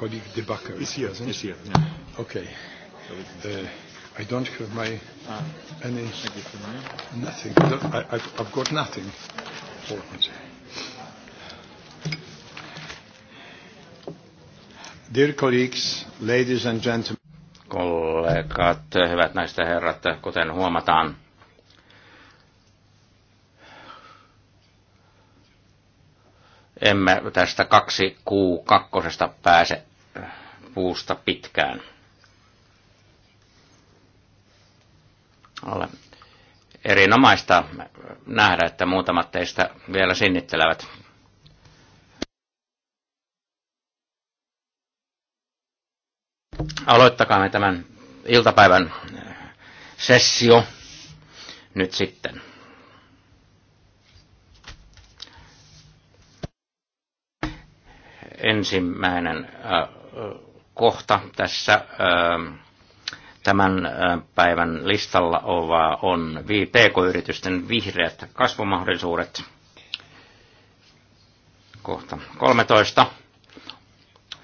colleague De Backer is here, isn't Is here, yeah. Okay. Uh, I don't have my ah, any nothing. No, I, I've, I've got nothing. Dear colleagues, ladies and gentlemen. Kollegat, hyvät naiset ja herrat, kuten huomataan, emme tästä kaksi kuu kakkosesta pääse puusta pitkään. Ole erinomaista nähdä, että muutamat teistä vielä sinnittelevät. me tämän iltapäivän sessio nyt sitten. Ensimmäinen äh, kohta tässä ähm, tämän äh, päivän listalla on PK-yritysten vihreät kasvumahdollisuudet. Kohta 13.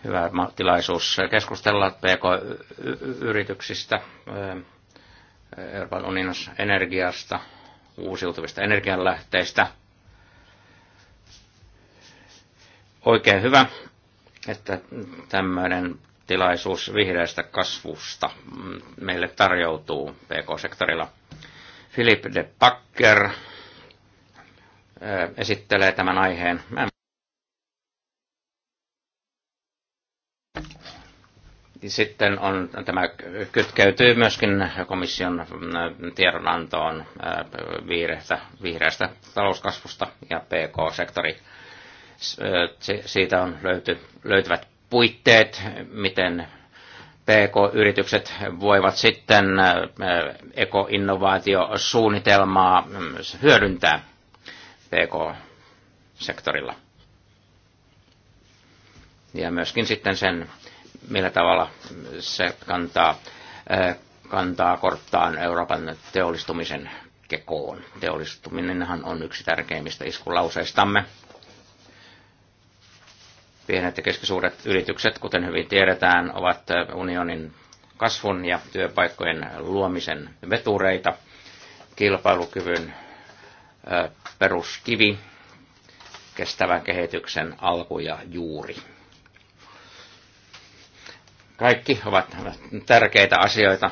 Hyvä tilaisuus keskustella PK-yrityksistä, ähm, Euroopan unionin energiasta, uusiutuvista energianlähteistä. Oikein hyvä, että tämmöinen tilaisuus vihreästä kasvusta meille tarjoutuu PK-sektorilla. Philip de Packer äh, esittelee tämän aiheen. Mä Sitten on, tämä kytkeytyy myöskin komission äh, tiedonantoon äh, vihreästä, vihreästä talouskasvusta ja PK-sektori. Siitä on löyty, löytyvät puitteet, miten PK-yritykset voivat sitten äh, ekoinnovaatiosuunnitelmaa mm, hyödyntää PK-sektorilla. Ja myöskin sitten sen, millä tavalla se kantaa, äh, kantaa korttaan Euroopan teollistumisen kekoon. Teollistuminenhan on yksi tärkeimmistä iskulauseistamme Pienet ja keskisuuret yritykset, kuten hyvin tiedetään, ovat unionin kasvun ja työpaikkojen luomisen vetureita, kilpailukyvyn peruskivi, kestävän kehityksen alku ja juuri. Kaikki ovat tärkeitä asioita.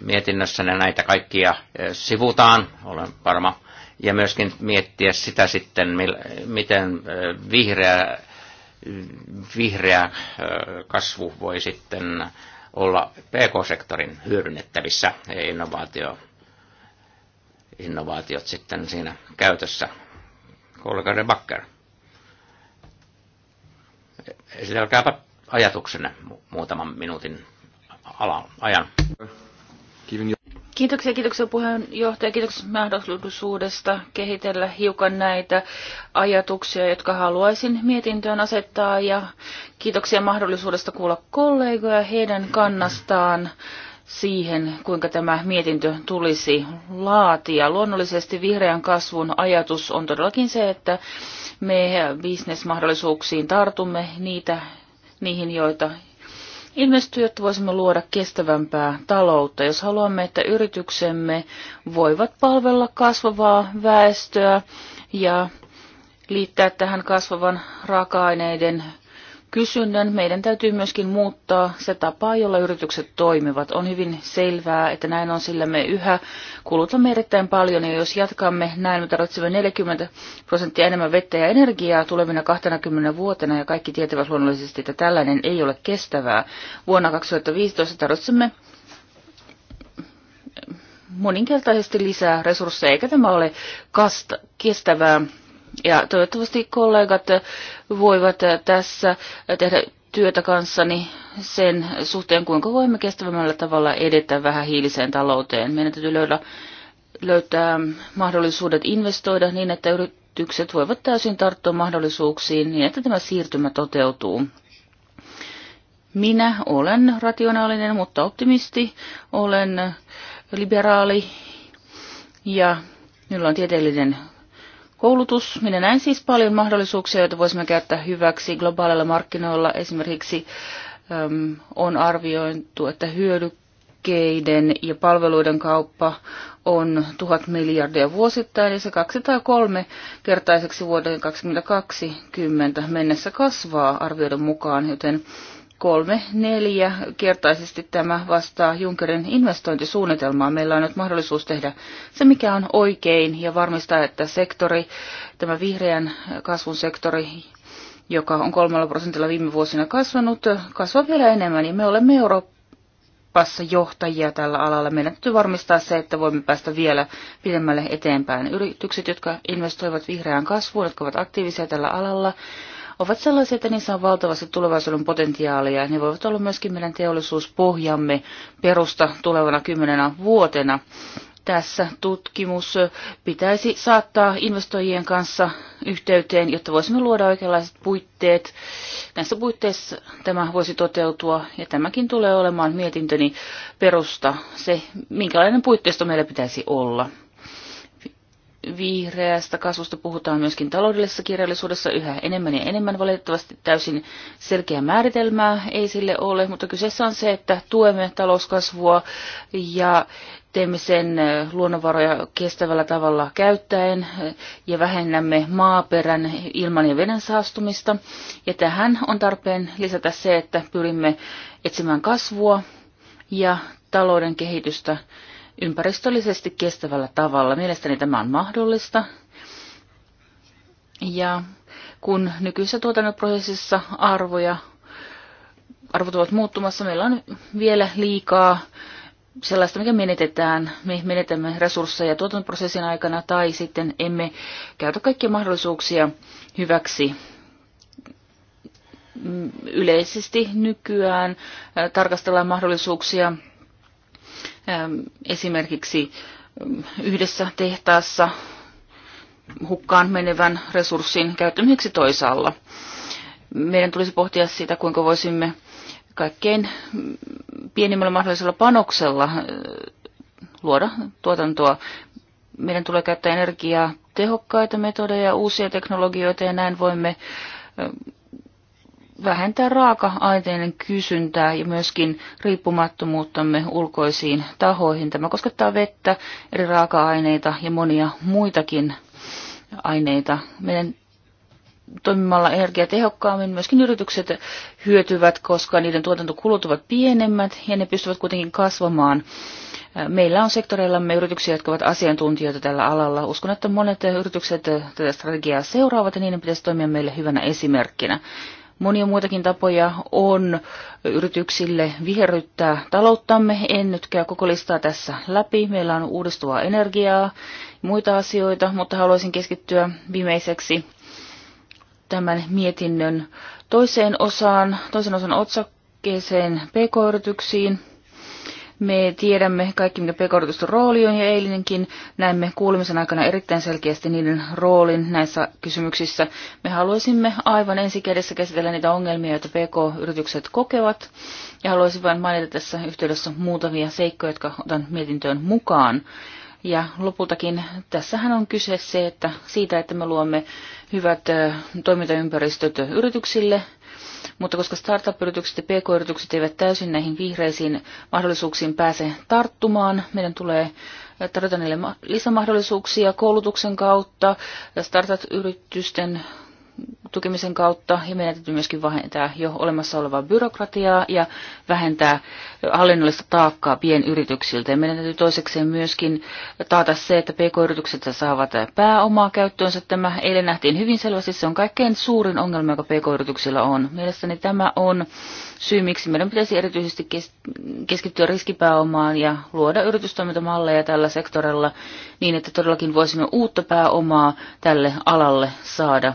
Mietinnössä näitä kaikkia sivutaan. Olen varma, ja myöskin miettiä sitä sitten, miten vihreä, vihreä kasvu voi sitten olla PK-sektorin hyödynnettävissä ja innovaatio, innovaatiot sitten siinä käytössä. Kollega de Backer, esitelkääpä ajatuksenne muutaman minuutin ala, ajan. Kiitoksia, kiitoksia puheenjohtaja. Kiitoksia mahdollisuudesta kehitellä hiukan näitä ajatuksia, jotka haluaisin mietintöön asettaa. Ja kiitoksia mahdollisuudesta kuulla kollegoja heidän kannastaan siihen, kuinka tämä mietintö tulisi laatia. Luonnollisesti vihreän kasvun ajatus on todellakin se, että me bisnesmahdollisuuksiin tartumme niitä niihin, joita ilmestyy, jotta voisimme luoda kestävämpää taloutta. Jos haluamme, että yrityksemme voivat palvella kasvavaa väestöä ja liittää tähän kasvavan raaka-aineiden kysynnän, meidän täytyy myöskin muuttaa se tapa, jolla yritykset toimivat. On hyvin selvää, että näin on, sillä me yhä kulutamme erittäin paljon, ja jos jatkamme näin, me tarvitsemme 40 prosenttia enemmän vettä ja energiaa tulevina 20 vuotena, ja kaikki tietävät luonnollisesti, että tällainen ei ole kestävää. Vuonna 2015 tarvitsemme moninkertaisesti lisää resursseja, eikä tämä ole kestävää ja toivottavasti kollegat voivat tässä tehdä työtä kanssani sen suhteen, kuinka voimme kestävämmällä tavalla edetä vähän hiiliseen talouteen. Meidän täytyy löydä, löytää mahdollisuudet investoida niin, että yritykset voivat täysin tarttua mahdollisuuksiin niin, että tämä siirtymä toteutuu. Minä olen rationaalinen, mutta optimisti. Olen liberaali ja minulla on tieteellinen koulutus. Minä näen siis paljon mahdollisuuksia, joita voisimme käyttää hyväksi globaaleilla markkinoilla. Esimerkiksi äm, on arvioitu, että hyödykkeiden ja palveluiden kauppa on tuhat miljardia vuosittain, eli se kaksi tai kolme kertaiseksi vuoden 2020 mennessä kasvaa arvioiden mukaan, joten kolme, neljä kertaisesti tämä vastaa Junckerin investointisuunnitelmaa. Meillä on nyt mahdollisuus tehdä se, mikä on oikein ja varmistaa, että sektori, tämä vihreän kasvun sektori, joka on kolmella prosentilla viime vuosina kasvanut, kasvaa vielä enemmän. Ja me olemme Euroopassa johtajia tällä alalla. Meidän täytyy varmistaa se, että voimme päästä vielä pidemmälle eteenpäin. Yritykset, jotka investoivat vihreään kasvuun, jotka ovat aktiivisia tällä alalla, ovat sellaisia, että niissä on valtavasti tulevaisuuden potentiaalia. Ne voivat olla myöskin meidän teollisuuspohjamme perusta tulevana kymmenenä vuotena. Tässä tutkimus pitäisi saattaa investoijien kanssa yhteyteen, jotta voisimme luoda oikeanlaiset puitteet. Näissä puitteissa tämä voisi toteutua ja tämäkin tulee olemaan mietintöni perusta, se minkälainen puitteisto meillä pitäisi olla vihreästä kasvusta puhutaan myöskin taloudellisessa kirjallisuudessa yhä enemmän ja enemmän. Valitettavasti täysin selkeä määritelmää ei sille ole, mutta kyseessä on se, että tuemme talouskasvua ja teemme sen luonnonvaroja kestävällä tavalla käyttäen ja vähennämme maaperän ilman ja veden saastumista. Ja tähän on tarpeen lisätä se, että pyrimme etsimään kasvua ja talouden kehitystä ympäristöllisesti kestävällä tavalla. Mielestäni tämä on mahdollista. Ja kun nykyisessä tuotantoprosessissa arvoja, arvot ovat muuttumassa, meillä on vielä liikaa sellaista, mikä menetetään. Me menetämme resursseja tuotantoprosessin aikana tai sitten emme käytä kaikkia mahdollisuuksia hyväksi. Mm, yleisesti nykyään tarkastellaan mahdollisuuksia Ähm, esimerkiksi ähm, yhdessä tehtaassa hukkaan menevän resurssin käyttämiseksi toisaalla. Meidän tulisi pohtia sitä, kuinka voisimme kaikkein mm, pienimmällä mahdollisella panoksella äh, luoda tuotantoa. Meidän tulee käyttää energiaa tehokkaita metodeja, uusia teknologioita ja näin voimme äh, vähentää raaka-aineiden kysyntää ja myöskin riippumattomuuttamme ulkoisiin tahoihin. Tämä koskettaa vettä, eri raaka-aineita ja monia muitakin aineita. Meidän toimimalla energiatehokkaammin myöskin yritykset hyötyvät, koska niiden tuotantokulut ovat pienemmät ja ne pystyvät kuitenkin kasvamaan. Meillä on sektoreillamme yrityksiä, jotka ovat asiantuntijoita tällä alalla. Uskon, että monet yritykset tätä strategiaa seuraavat ja niiden pitäisi toimia meille hyvänä esimerkkinä. Monia muitakin tapoja on yrityksille viherryttää talouttamme. En nyt käy koko listaa tässä läpi. Meillä on uudistuvaa energiaa ja muita asioita, mutta haluaisin keskittyä viimeiseksi tämän mietinnön toiseen osaan, toisen osan otsakkeeseen pk-yrityksiin. Me tiedämme kaikki, mitä pk rooli on, ja eilinenkin näemme kuulemisen aikana erittäin selkeästi niiden roolin näissä kysymyksissä. Me haluaisimme aivan ensi kädessä käsitellä niitä ongelmia, joita pk-yritykset kokevat, ja haluaisin vain mainita tässä yhteydessä muutamia seikkoja, jotka otan mietintöön mukaan. Ja lopultakin tässähän on kyse se, että siitä, että me luomme hyvät toimintaympäristöt yrityksille, mutta koska startup-yritykset ja pk-yritykset eivät täysin näihin vihreisiin mahdollisuuksiin pääse tarttumaan, meidän tulee äh, tarjota niille lisämahdollisuuksia koulutuksen kautta, startup-yritysten tukemisen kautta ja meidän täytyy myöskin vähentää jo olemassa olevaa byrokratiaa ja vähentää hallinnollista taakkaa pienyrityksiltä. Ja meidän täytyy toisekseen myöskin taata se, että pk-yritykset saavat pääomaa käyttöönsä. Tämä eilen nähtiin hyvin selvästi, se on kaikkein suurin ongelma, joka pk-yrityksillä on. Mielestäni tämä on syy, miksi meidän pitäisi erityisesti keskittyä riskipääomaan ja luoda yritystoimintamalleja tällä sektorilla niin, että todellakin voisimme uutta pääomaa tälle alalle saada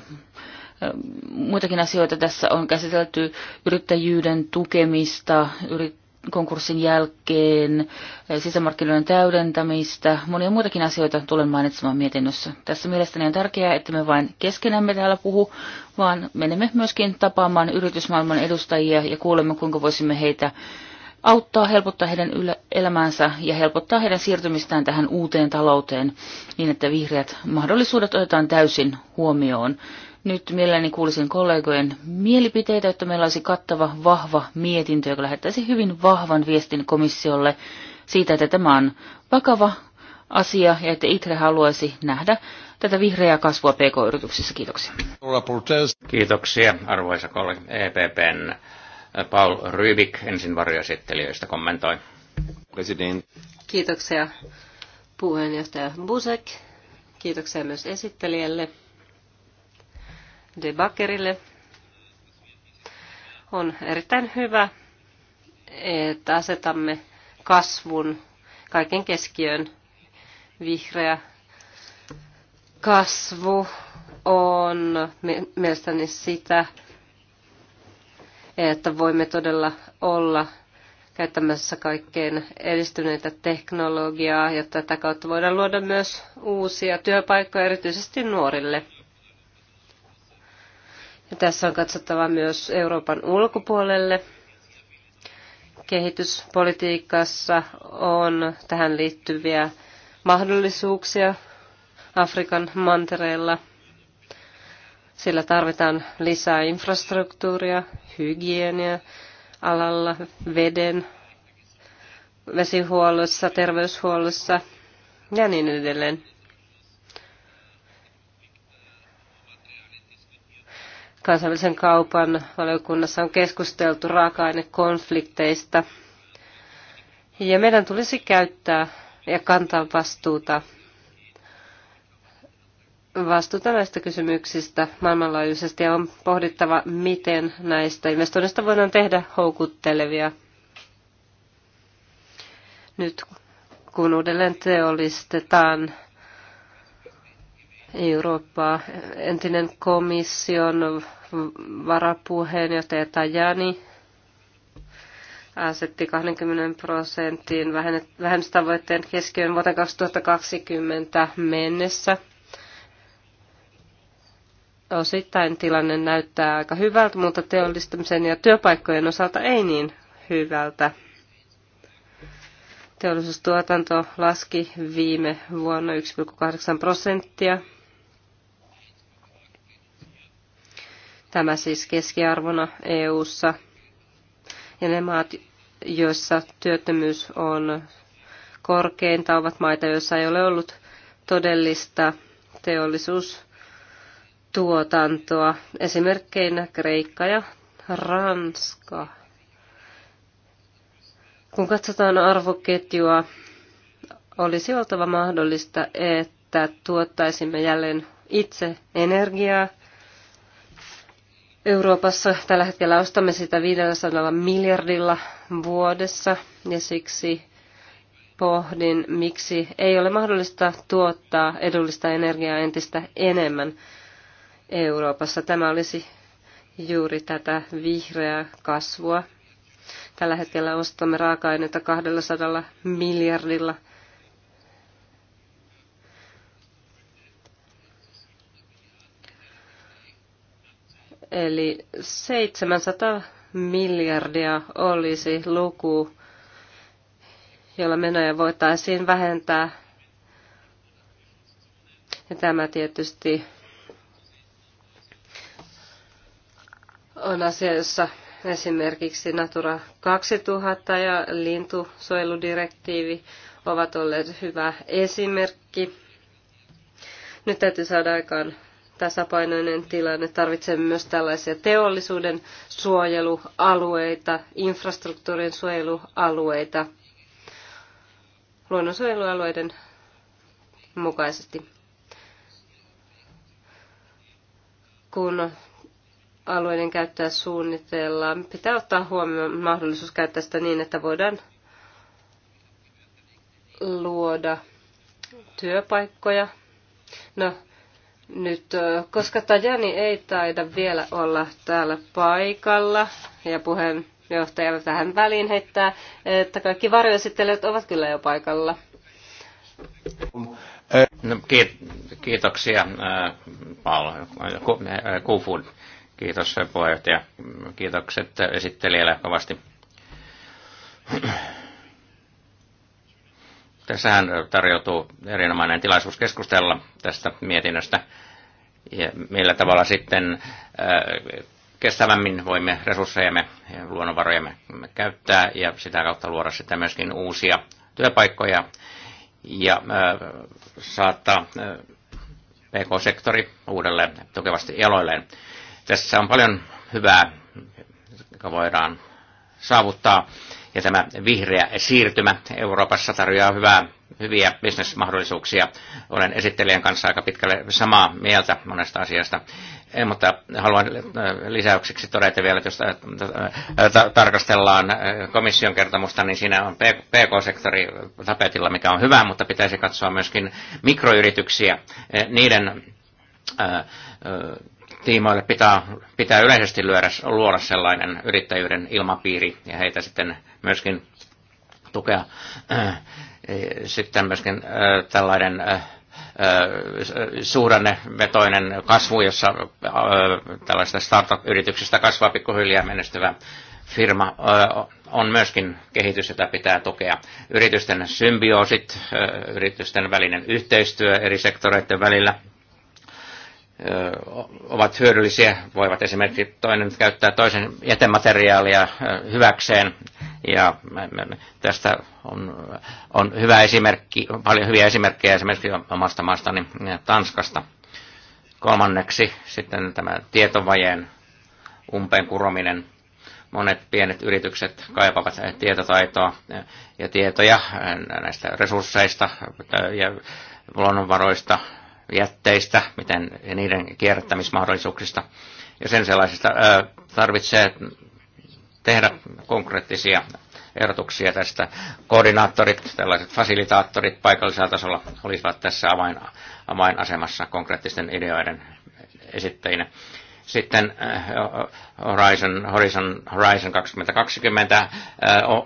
Muitakin asioita tässä on käsitelty yrittäjyyden tukemista, yrit, konkurssin jälkeen, eh, sisämarkkinoiden täydentämistä, monia muitakin asioita tulen mainitsemaan mietinnössä. Tässä mielestäni on tärkeää, että me vain keskenämme täällä puhu, vaan menemme myöskin tapaamaan yritysmaailman edustajia ja kuulemme, kuinka voisimme heitä auttaa, helpottaa heidän elämäänsä ja helpottaa heidän siirtymistään tähän uuteen talouteen niin, että vihreät mahdollisuudet otetaan täysin huomioon. Nyt mielelläni kuulisin kollegojen mielipiteitä, että meillä olisi kattava, vahva mietintö, joka lähettäisi hyvin vahvan viestin komissiolle siitä, että tämä on vakava asia ja että ITRE haluaisi nähdä tätä vihreää kasvua PK-yrityksissä. Kiitoksia. Kiitoksia, arvoisa kollega EPPn äh, Paul Rybik ensin varjoesittelijöistä kommentoi. President. Kiitoksia puheenjohtaja Busek. Kiitoksia myös esittelijälle Debakerille. On erittäin hyvä, että asetamme kasvun kaiken keskiön. Vihreä kasvu on mielestäni sitä, että voimme todella olla käyttämässä kaikkein edistyneitä teknologiaa ja tätä kautta voidaan luoda myös uusia työpaikkoja erityisesti nuorille. Tässä on katsottava myös Euroopan ulkopuolelle. Kehityspolitiikassa on tähän liittyviä mahdollisuuksia Afrikan mantereella. Sillä tarvitaan lisää infrastruktuuria, hygienia alalla, veden, vesihuollossa, terveyshuollossa ja niin edelleen. Kansainvälisen kaupan valiokunnassa on keskusteltu raaka-ainekonflikteista. Ja meidän tulisi käyttää ja kantaa vastuuta vastuuta näistä kysymyksistä maailmanlaajuisesti ja on pohdittava, miten näistä investoinnista voidaan tehdä houkuttelevia. Nyt kun uudelleen teollistetaan Eurooppa, Entinen komission varapuheenjohtaja Tajani asetti 20 prosentin vähennystavoitteen keskiöön vuoteen 2020 mennessä. Osittain tilanne näyttää aika hyvältä, mutta teollistamisen ja työpaikkojen osalta ei niin hyvältä. Teollisuustuotanto laski viime vuonna 1,8 prosenttia Tämä siis keskiarvona EU:ssa ja ne maat, joissa työttömyys on korkeinta, ovat maita, joissa ei ole ollut todellista teollisuustuotantoa. Esimerkkeinä Kreikka ja Ranska. Kun katsotaan arvoketjua, olisi oltava mahdollista, että tuottaisimme jälleen itse energiaa – Euroopassa tällä hetkellä ostamme sitä 500 miljardilla vuodessa ja siksi pohdin, miksi ei ole mahdollista tuottaa edullista energiaa entistä enemmän Euroopassa. Tämä olisi juuri tätä vihreää kasvua. Tällä hetkellä ostamme raaka-aineita 200 miljardilla Eli 700 miljardia olisi luku, jolla menoja voitaisiin vähentää. Ja tämä tietysti on asia, jossa esimerkiksi Natura 2000 ja lintusuojeludirektiivi ovat olleet hyvä esimerkki. Nyt täytyy saada aikaan tasapainoinen tilanne. Tarvitsemme myös tällaisia teollisuuden suojelualueita, infrastruktuurin suojelualueita, luonnonsuojelualueiden mukaisesti. Kun alueiden käyttöä suunnitellaan, pitää ottaa huomioon mahdollisuus käyttää sitä niin, että voidaan luoda työpaikkoja. No, nyt, koska Tajani ei taida vielä olla täällä paikalla ja puheenjohtaja tähän väliin heittää, että kaikki varjoesittelijät ovat kyllä jo paikalla. No, kiitoksia, Paul Kufun. Kiitos puheenjohtaja. Kiitokset esittelijälle kovasti Tässähän tarjoutuu erinomainen tilaisuus keskustella tästä mietinnöstä ja millä tavalla sitten äh, kestävämmin voimme resurssejamme ja luonnonvarojamme käyttää ja sitä kautta luoda sitten myöskin uusia työpaikkoja ja äh, saattaa äh, PK-sektori uudelleen tukevasti jaloilleen. Tässä on paljon hyvää, joka voidaan saavuttaa ja tämä vihreä siirtymä Euroopassa tarjoaa hyvää, hyviä bisnesmahdollisuuksia. Olen esittelijän kanssa aika pitkälle samaa mieltä monesta asiasta. Eh, mutta haluan eh, lisäykseksi todeta vielä, että jos tarkastellaan eh, komission kertomusta, niin siinä on PK-sektori tapetilla, mikä on hyvä, mutta pitäisi katsoa myöskin mikroyrityksiä, niiden tiimoille pitää, pitää yleisesti lyödä, luoda sellainen yrittäjyyden ilmapiiri ja heitä sitten myöskin tukea. Äh, sitten myöskin äh, tällainen äh, suhdannevetoinen kasvu, jossa tällaista startup-yrityksestä kasvaa pikkuhiljaa menestyvä firma on myöskin kehitys, jota pitää tukea. Yritysten symbioosit, yritysten välinen yhteistyö eri sektoreiden välillä – ovat hyödyllisiä, voivat esimerkiksi toinen käyttää toisen jätemateriaalia hyväkseen. Ja tästä on, on hyvä esimerkki, paljon hyviä esimerkkejä esimerkiksi omasta maastani Tanskasta. Kolmanneksi sitten tämä tietovajeen umpeen kurominen. Monet pienet yritykset kaipaavat tietotaitoa ja tietoja näistä resursseista ja luonnonvaroista, jätteistä, miten niiden kierrättämismahdollisuuksista ja sen sellaisista tarvitsee tehdä konkreettisia ehdotuksia tästä. Koordinaattorit, tällaiset fasilitaattorit paikallisella tasolla olisivat tässä avain, avainasemassa konkreettisten ideoiden esittäjinä. Sitten Horizon, Horizon, Horizon 2020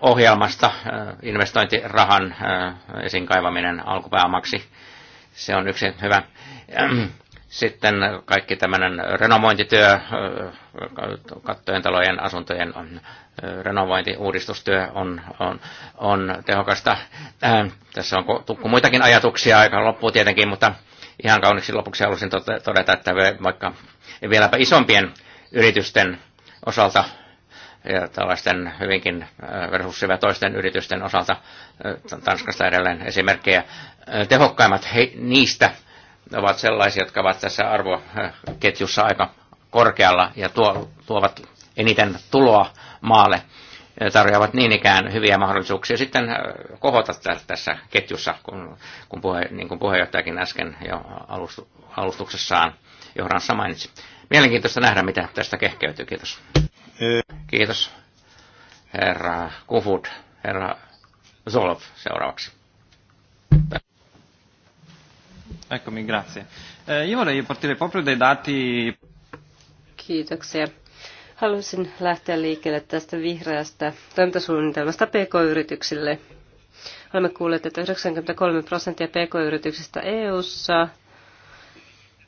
ohjelmasta investointirahan esiin kaivaminen alkupääomaksi se on yksi hyvä. Sitten kaikki tämmöinen renovointityö, kattojen, talojen, asuntojen renovointi, uudistustyö on, on, on tehokasta. Tässä on tukku muitakin ajatuksia, aika loppuu tietenkin, mutta ihan kauniksi lopuksi halusin tota, todeta, että vaikka vieläpä isompien yritysten osalta ja tällaisten hyvinkin toisten yritysten osalta Tanskasta edelleen esimerkkejä. Tehokkaimmat he, niistä ovat sellaisia, jotka ovat tässä arvoketjussa aika korkealla ja tuo, tuovat eniten tuloa maalle tarjoavat niin ikään hyviä mahdollisuuksia sitten kohota tässä ketjussa, kun, kun puhe, niin kuin puheenjohtajakin äsken jo alustuksessaan johdansa mainitsi. Mielenkiintoista nähdä, mitä tästä kehkeytyy. Kiitos. Kiitos. Herra Kufut, herra Zolov seuraavaksi. Eccomi, grazie. Eh, io vorrei partire proprio dai dati... Kiitoksia. Halusin lähteä liikkeelle tästä vihreästä toimintasuunnitelmasta PK-yrityksille. Olemme kuulleet, että 93 prosenttia PK-yrityksistä EU-ssa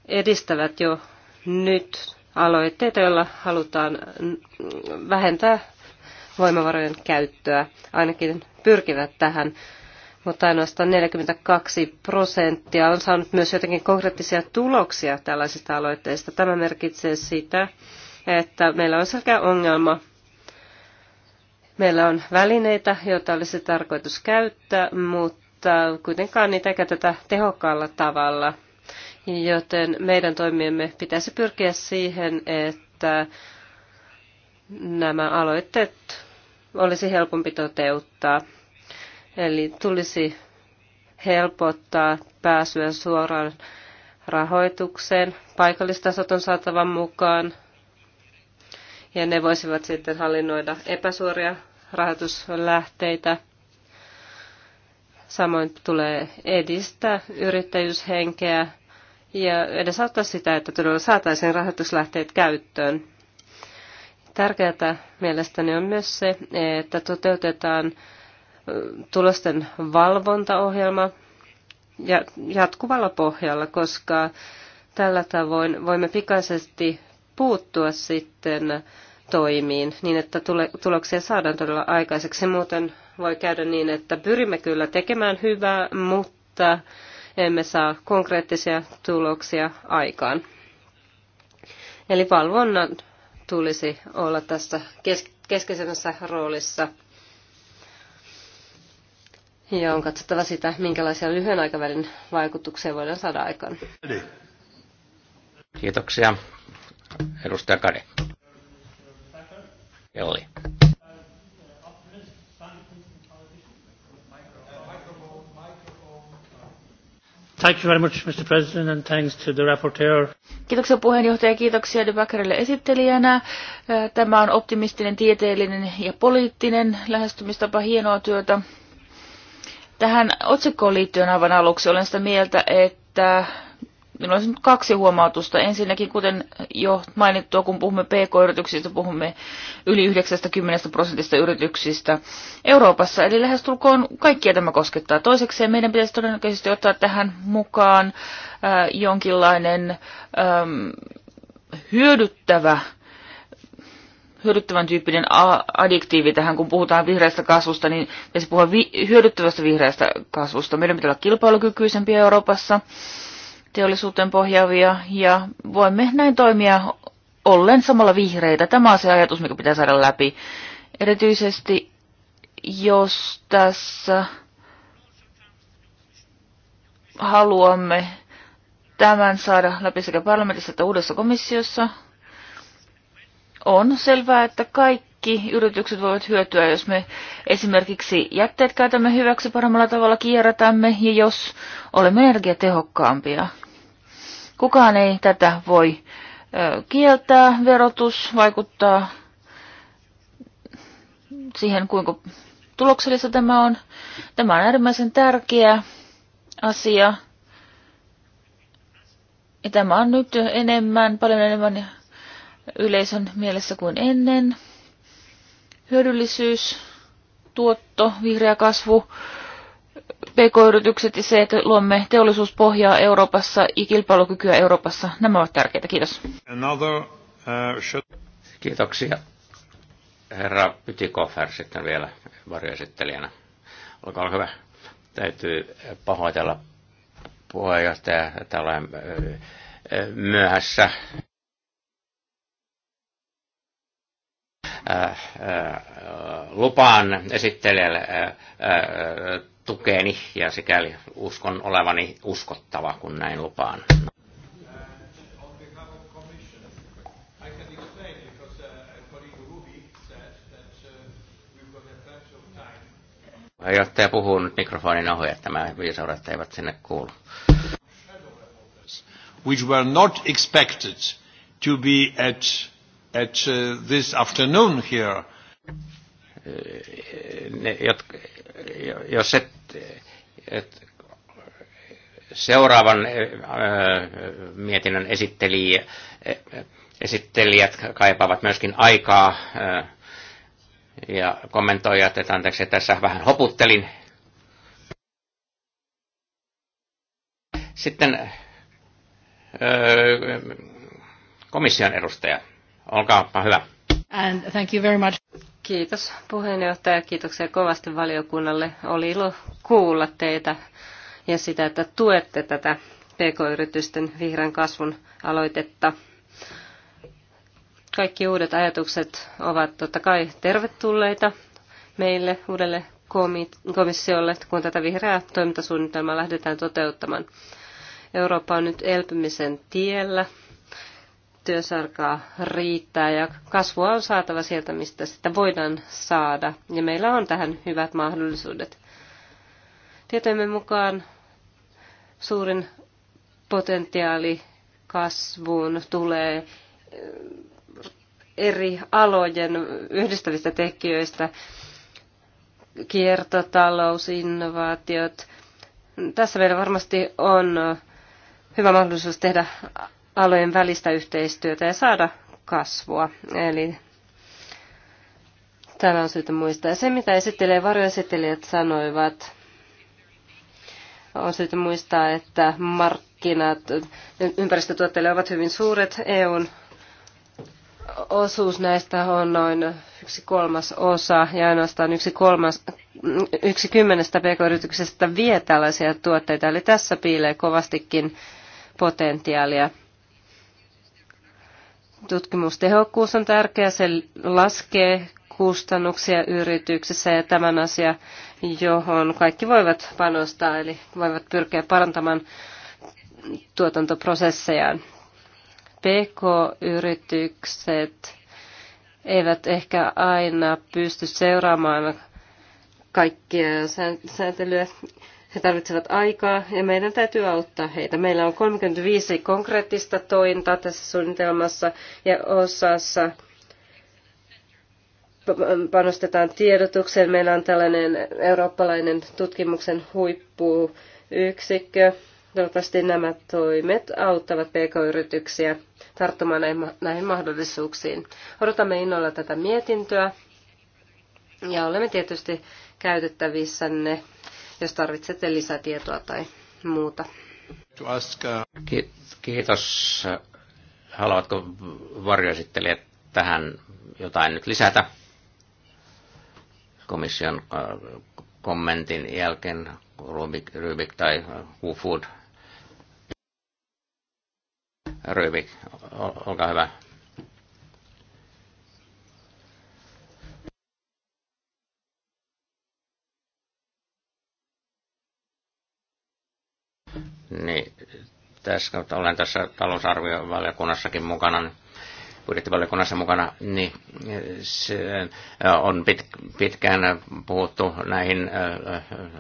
edistävät jo nyt aloitteita, joilla halutaan vähentää voimavarojen käyttöä. Ainakin pyrkivät tähän, mutta ainoastaan 42 prosenttia on saanut myös jotenkin konkreettisia tuloksia tällaisista aloitteista. Tämä merkitsee sitä, että meillä on selkeä ongelma. Meillä on välineitä, joita olisi tarkoitus käyttää, mutta kuitenkaan niitä ei käytetä tehokkaalla tavalla – joten meidän toimiemme pitäisi pyrkiä siihen, että nämä aloitteet olisi helpompi toteuttaa. Eli tulisi helpottaa pääsyä suoraan rahoitukseen. Paikallistasot on saatava mukaan. Ja ne voisivat sitten hallinnoida epäsuoria rahoituslähteitä. Samoin tulee edistää yrittäjyyshenkeä ja edesauttaa sitä, että todella saataisiin rahoituslähteet käyttöön. Tärkeää mielestäni on myös se, että toteutetaan tulosten valvontaohjelma ja jatkuvalla pohjalla, koska tällä tavoin voimme pikaisesti puuttua sitten toimiin niin, että tuloksia saadaan todella aikaiseksi. Muuten voi käydä niin, että pyrimme kyllä tekemään hyvää, mutta emme saa konkreettisia tuloksia aikaan. Eli valvonnan tulisi olla tässä keskeisemmässä roolissa. Ja on katsottava sitä, minkälaisia lyhyen aikavälin vaikutuksia voidaan saada aikaan. Kiitoksia. Edustaja Kade. Kelli. Thank you very much, Mr. President, and thanks to the rapporteur. Kiitoksia puheenjohtaja, kiitoksia De Backerille esittelijänä. Tämä on optimistinen, tieteellinen ja poliittinen lähestymistapa, hienoa työtä. Tähän otsikkoon liittyen aivan aluksi olen sitä mieltä, että Minulla olisi siis nyt kaksi huomautusta. Ensinnäkin, kuten jo mainittua, kun puhumme pk-yrityksistä, puhumme yli 90 prosentista yrityksistä Euroopassa. Eli lähestulkoon kaikkia tämä koskettaa. Toiseksi meidän pitäisi todennäköisesti ottaa tähän mukaan äh, jonkinlainen ähm, hyödyttävä hyödyttävän tyyppinen addiktiivi tähän, kun puhutaan vihreästä kasvusta, niin pitäisi puhua vi- hyödyttävästä vihreästä kasvusta. Meidän pitää olla kilpailukykyisempiä Euroopassa teollisuuteen pohjaavia ja voimme näin toimia ollen samalla vihreitä. Tämä on se ajatus, mikä pitää saada läpi. Erityisesti jos tässä haluamme tämän saada läpi sekä parlamentissa että uudessa komissiossa, on selvää, että kaikki yritykset voivat hyötyä, jos me esimerkiksi jätteet käytämme hyväksi paremmalla tavalla, kierrätämme ja jos olemme energiatehokkaampia. Kukaan ei tätä voi kieltää. Verotus vaikuttaa siihen, kuinka tuloksellista tämä on. Tämä on äärimmäisen tärkeä asia. Ja tämä on nyt enemmän, paljon enemmän yleisön mielessä kuin ennen. Hyödyllisyys, tuotto, vihreä kasvu PK-yritykset ja se, että luomme teollisuuspohjaa Euroopassa ja kilpailukykyä Euroopassa, nämä ovat tärkeitä. Kiitos. Another, uh, Kiitoksia. Herra Pytikofer sitten vielä varjoesittelijänä. Olkaa hyvä. Täytyy pahoitella puheenjohtaja, että olen myöhässä. Äh, äh, lupaan esittelijälle äh, tukeeni ja sikäli uskon olevani uskottava, kun näin lupaan. Puheenjohtaja puhuu nyt mikrofonin ohi, että nämä viisaudet eivät sinne kuulu. Which were not expected to be at, at uh, this afternoon here ne, jotka, jos et, et seuraavan ää, mietinnön esittelijä, esittelijät kaipaavat myöskin aikaa ää, ja kommentoijat, että anteeksi, että tässä vähän hoputtelin. Sitten ää, komission edustaja, olkaapa hyvä. And thank you very much. Kiitos puheenjohtaja, kiitoksia kovasti valiokunnalle. Oli ilo kuulla teitä ja sitä, että tuette tätä pk-yritysten vihreän kasvun aloitetta. Kaikki uudet ajatukset ovat totta kai tervetulleita meille uudelle komissiolle, kun tätä vihreää toimintasuunnitelmaa lähdetään toteuttamaan. Eurooppa on nyt elpymisen tiellä työsarkaa riittää ja kasvua on saatava sieltä, mistä sitä voidaan saada. Ja meillä on tähän hyvät mahdollisuudet. Tietojemme mukaan suurin potentiaali kasvuun tulee eh, eri alojen yhdistävistä tekijöistä, kiertotalous, innovaatiot. Tässä meillä varmasti on eh, hyvä mahdollisuus tehdä alojen välistä yhteistyötä ja saada kasvua. Eli tämä on syytä muistaa. Ja se, mitä esittelee varjoesittelijät sanoivat, on syytä muistaa, että markkinat ympäristötuotteille ovat hyvin suuret. EUn osuus näistä on noin yksi kolmas osa ja ainoastaan yksi, kolmas, yksi kymmenestä pk-yrityksestä vie tällaisia tuotteita. Eli tässä piilee kovastikin potentiaalia. Tutkimustehokkuus on tärkeä, se laskee kustannuksia yrityksessä ja tämän asia, johon kaikki voivat panostaa, eli voivat pyrkiä parantamaan tuotantoprosessejaan. PK-yritykset eivät ehkä aina pysty seuraamaan kaikkia sääntelyä he tarvitsevat aikaa ja meidän täytyy auttaa heitä. Meillä on 35 konkreettista tointa tässä suunnitelmassa ja osassa panostetaan tiedotukseen. Meillä on tällainen eurooppalainen tutkimuksen huippuyksikkö. Toivottavasti nämä toimet auttavat pk-yrityksiä tarttumaan näihin mahdollisuuksiin. Odotamme innolla tätä mietintöä ja olemme tietysti käytettävissänne jos tarvitsette lisätietoa tai muuta. Uh, kiitos. Haluatko varjoesittelijät tähän jotain nyt lisätä? Komission uh, kommentin jälkeen Rubik, Rubik tai uh, Wufood? Rubik, olkaa hyvä. niin tässä, olen tässä talousarviovaliokunnassakin mukana, niin budjettivaliokunnassa mukana, niin se on pit, pitkään puhuttu näihin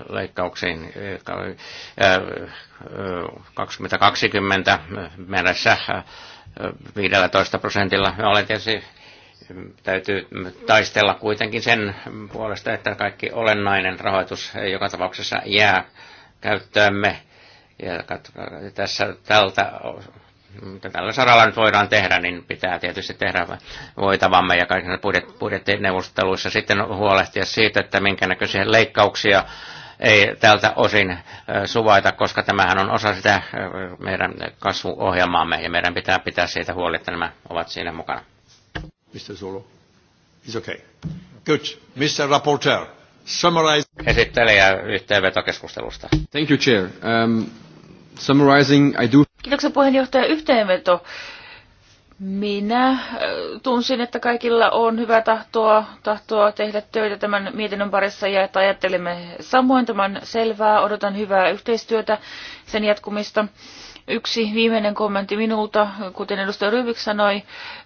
leikkauksiin 2020 mennessä 15 prosentilla. Me olen tietysti täytyy taistella kuitenkin sen puolesta, että kaikki olennainen rahoitus joka tapauksessa jää käyttöömme ja tässä tältä, mitä tällä saralla nyt voidaan tehdä, niin pitää tietysti tehdä voitavamme ja kaikissa budjet, budjettineuvotteluissa sitten huolehtia siitä, että minkä näköisiä leikkauksia ei tältä osin suvaita, koska tämähän on osa sitä meidän kasvuohjelmaamme ja meidän pitää pitää siitä huoli, että nämä ovat siinä mukana. Mr. Zulu. It's okay. Good. Mr. Rapporteur, summarize. Esittelijä yhteenvetokeskustelusta. Thank you, Chair. Um, Summarizing, I do... Kiitoksia puheenjohtaja. Yhteenveto. Minä äh, tunsin, että kaikilla on hyvä tahtoa, tahtoa tehdä töitä tämän mietinnön parissa ja että ajattelemme samoin tämän selvää. Odotan hyvää yhteistyötä, sen jatkumista. Yksi viimeinen kommentti minulta, kuten edustaja Rybik sanoi,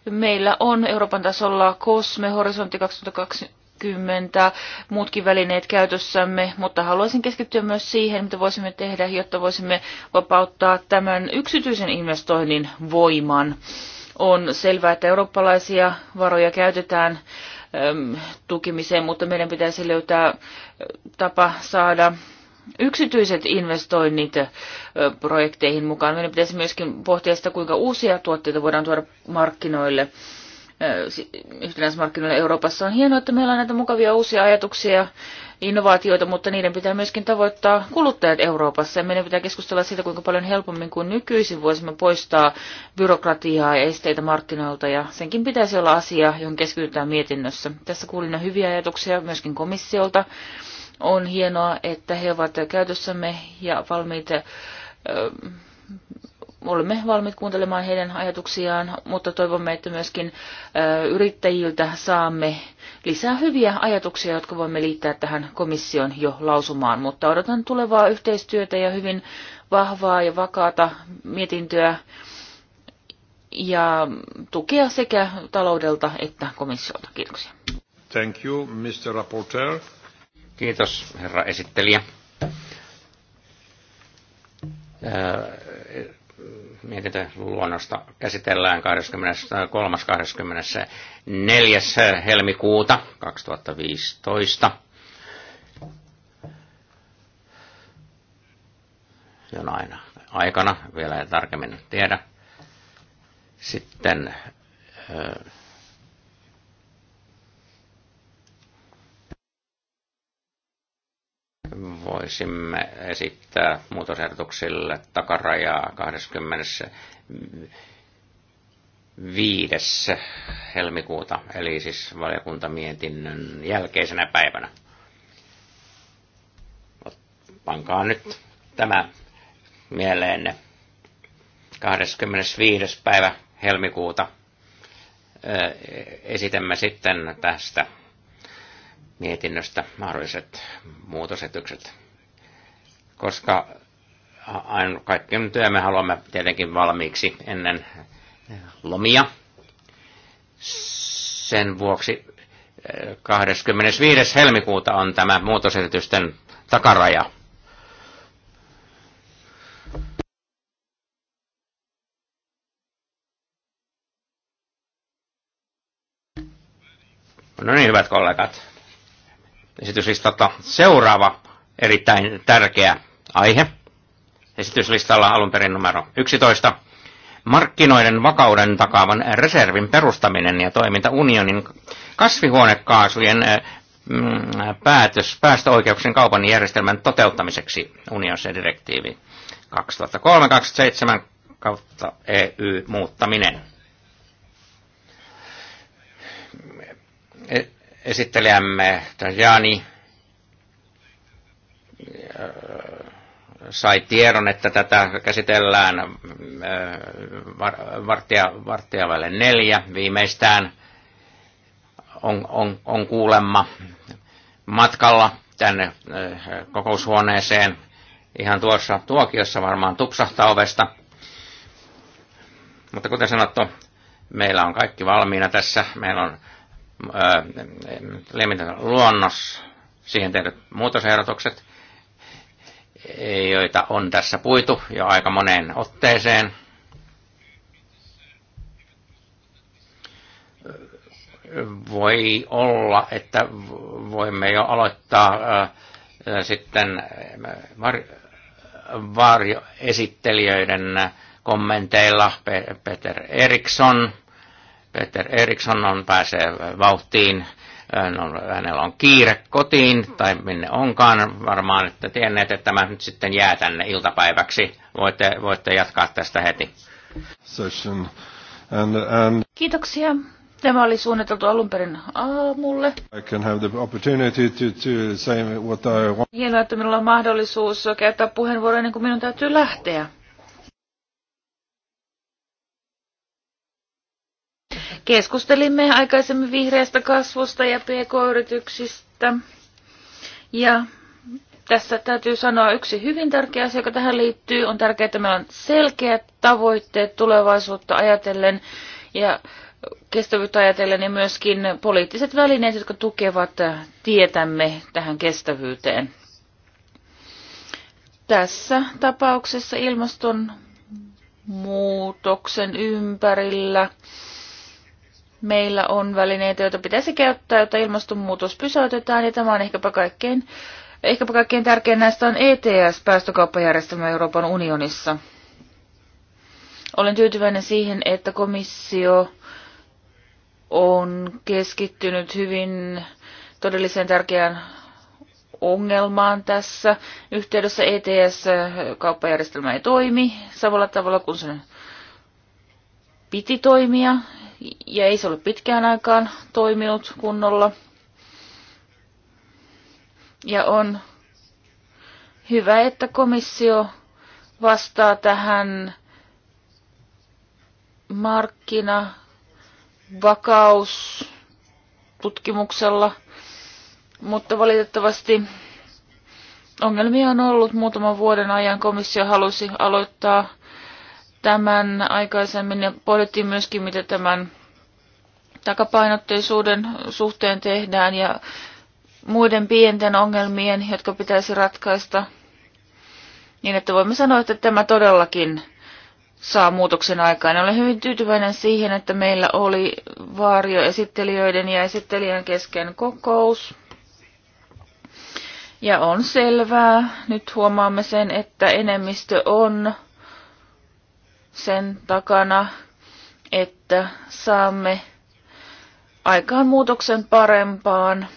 meillä on Euroopan tasolla COSME Horisontti 2020 20, muutkin välineet käytössämme, mutta haluaisin keskittyä myös siihen, mitä voisimme tehdä, jotta voisimme vapauttaa tämän yksityisen investoinnin voiman. On selvää, että eurooppalaisia varoja käytetään tukimiseen, mutta meidän pitäisi löytää tapa saada yksityiset investoinnit projekteihin mukaan. Meidän pitäisi myöskin pohtia sitä, kuinka uusia tuotteita voidaan tuoda markkinoille. Yhtenäismarkkinoille Euroopassa. On hienoa, että meillä on näitä mukavia uusia ajatuksia ja innovaatioita, mutta niiden pitää myöskin tavoittaa kuluttajat Euroopassa. Ja meidän pitää keskustella siitä, kuinka paljon helpommin kuin nykyisin voisimme poistaa byrokratiaa ja esteitä markkinoilta. Ja senkin pitäisi olla asia, johon keskitytään mietinnössä. Tässä kuulin hyviä ajatuksia myöskin komissiolta. On hienoa, että he ovat käytössämme ja valmiita olemme valmiit kuuntelemaan heidän ajatuksiaan, mutta toivomme, että myöskin yrittäjiltä saamme lisää hyviä ajatuksia, jotka voimme liittää tähän komission jo lausumaan. Mutta odotan tulevaa yhteistyötä ja hyvin vahvaa ja vakaata mietintöä ja tukea sekä taloudelta että komissiolta. Kiitoksia. Thank you, Mr. Rapporteur. Kiitos, herra esittelijä mietintöluonnosta käsitellään 23.24. helmikuuta 2015. Jonain aikana, vielä en tarkemmin tiedä. Sitten voisimme esittää muutosehdotuksille takarajaa 25. helmikuuta, eli siis valiokuntamietinnön jälkeisenä päivänä. Pankaa nyt tämä mieleenne. 25. päivä helmikuuta esitämme sitten tästä mietinnöstä mahdolliset muutosetykset. Koska kaikkien työ me haluamme tietenkin valmiiksi ennen lomia. Sen vuoksi 25. Eh, helmikuuta on tämä muutosetysten takaraja. No niin, hyvät kollegat esityslistalta seuraava erittäin tärkeä aihe. Esityslistalla alun perin numero 11. Markkinoiden vakauden takaavan reservin perustaminen ja toiminta unionin kasvihuonekaasujen mm, päätös päästöoikeuksien kaupan järjestelmän toteuttamiseksi unionissa direktiivi 2003-27 kautta EU muuttaminen. E, esittelijämme Tajani sai tiedon, että tätä käsitellään äh, varttia, varttia väille neljä viimeistään on, on, on kuulemma matkalla tänne äh, kokoushuoneeseen ihan tuossa tuokiossa varmaan tupsahtaa ovesta. Mutta kuten sanottu, meillä on kaikki valmiina tässä. Meillä on liimitön luonnos, siihen tehdyt muutosehdotukset, e, joita on tässä puitu jo aika moneen otteeseen. Voi olla, että voimme jo aloittaa ää, sitten varjoesittelijöiden kommenteilla Peter Eriksson – Peter Eriksson on, pääsee vauhtiin. No, hänellä on kiire kotiin, tai minne onkaan varmaan, että tienneet, että tämä nyt sitten jää tänne iltapäiväksi. Voitte, voitte jatkaa tästä heti. And, and... Kiitoksia. Tämä oli suunniteltu alun perin aamulle. I can have the opportunity to, to say what I want. Hienoa, että minulla on mahdollisuus käyttää puheenvuoroa ennen kuin minun täytyy lähteä. Keskustelimme aikaisemmin vihreästä kasvusta ja pk-yrityksistä. Ja tässä täytyy sanoa yksi hyvin tärkeä asia, joka tähän liittyy. On tärkeää, että meillä on selkeät tavoitteet tulevaisuutta ajatellen ja kestävyyttä ajatellen ja myöskin poliittiset välineet, jotka tukevat tietämme tähän kestävyyteen. Tässä tapauksessa ilmastonmuutoksen ympärillä meillä on välineitä, joita pitäisi käyttää, jotta ilmastonmuutos pysäytetään, ja tämä on ehkäpä kaikkein, ehkäpä kaikkein tärkein näistä on ETS-päästökauppajärjestelmä Euroopan unionissa. Olen tyytyväinen siihen, että komissio on keskittynyt hyvin todelliseen tärkeään ongelmaan tässä yhteydessä. ETS-kauppajärjestelmä ei toimi samalla tavalla kuin sen piti toimia, ja ei se ole pitkään aikaan toiminut kunnolla. Ja on hyvä, että komissio vastaa tähän markkinavakaustutkimuksella, mutta valitettavasti ongelmia on ollut muutaman vuoden ajan. Komissio halusi aloittaa tämän aikaisemmin ja pohdittiin myöskin, mitä tämän takapainotteisuuden suhteen tehdään ja muiden pienten ongelmien, jotka pitäisi ratkaista, niin että voimme sanoa, että tämä todellakin saa muutoksen aikaan. Olen hyvin tyytyväinen siihen, että meillä oli vaarioesittelijöiden ja esittelijän kesken kokous. Ja on selvää, nyt huomaamme sen, että enemmistö on sen takana, että saamme aikaan muutoksen parempaan.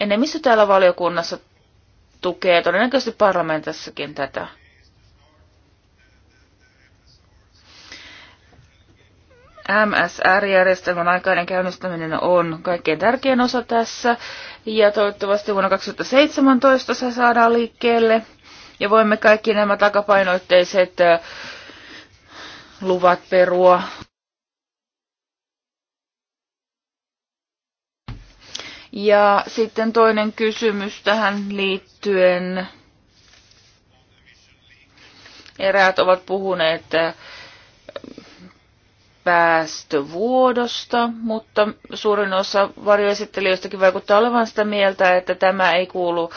Enemmistö täällä valiokunnassa tukee todennäköisesti parlamentissakin tätä. MSR-järjestelmän aikainen käynnistäminen on kaikkein tärkein osa tässä, ja toivottavasti vuonna 2017 se saadaan liikkeelle. Ja voimme kaikki nämä takapainoitteiset luvat perua. Ja sitten toinen kysymys tähän liittyen. Eräät ovat puhuneet päästövuodosta, mutta suurin osa varjoesittelijöistäkin vaikuttaa olevan sitä mieltä, että tämä ei kuulu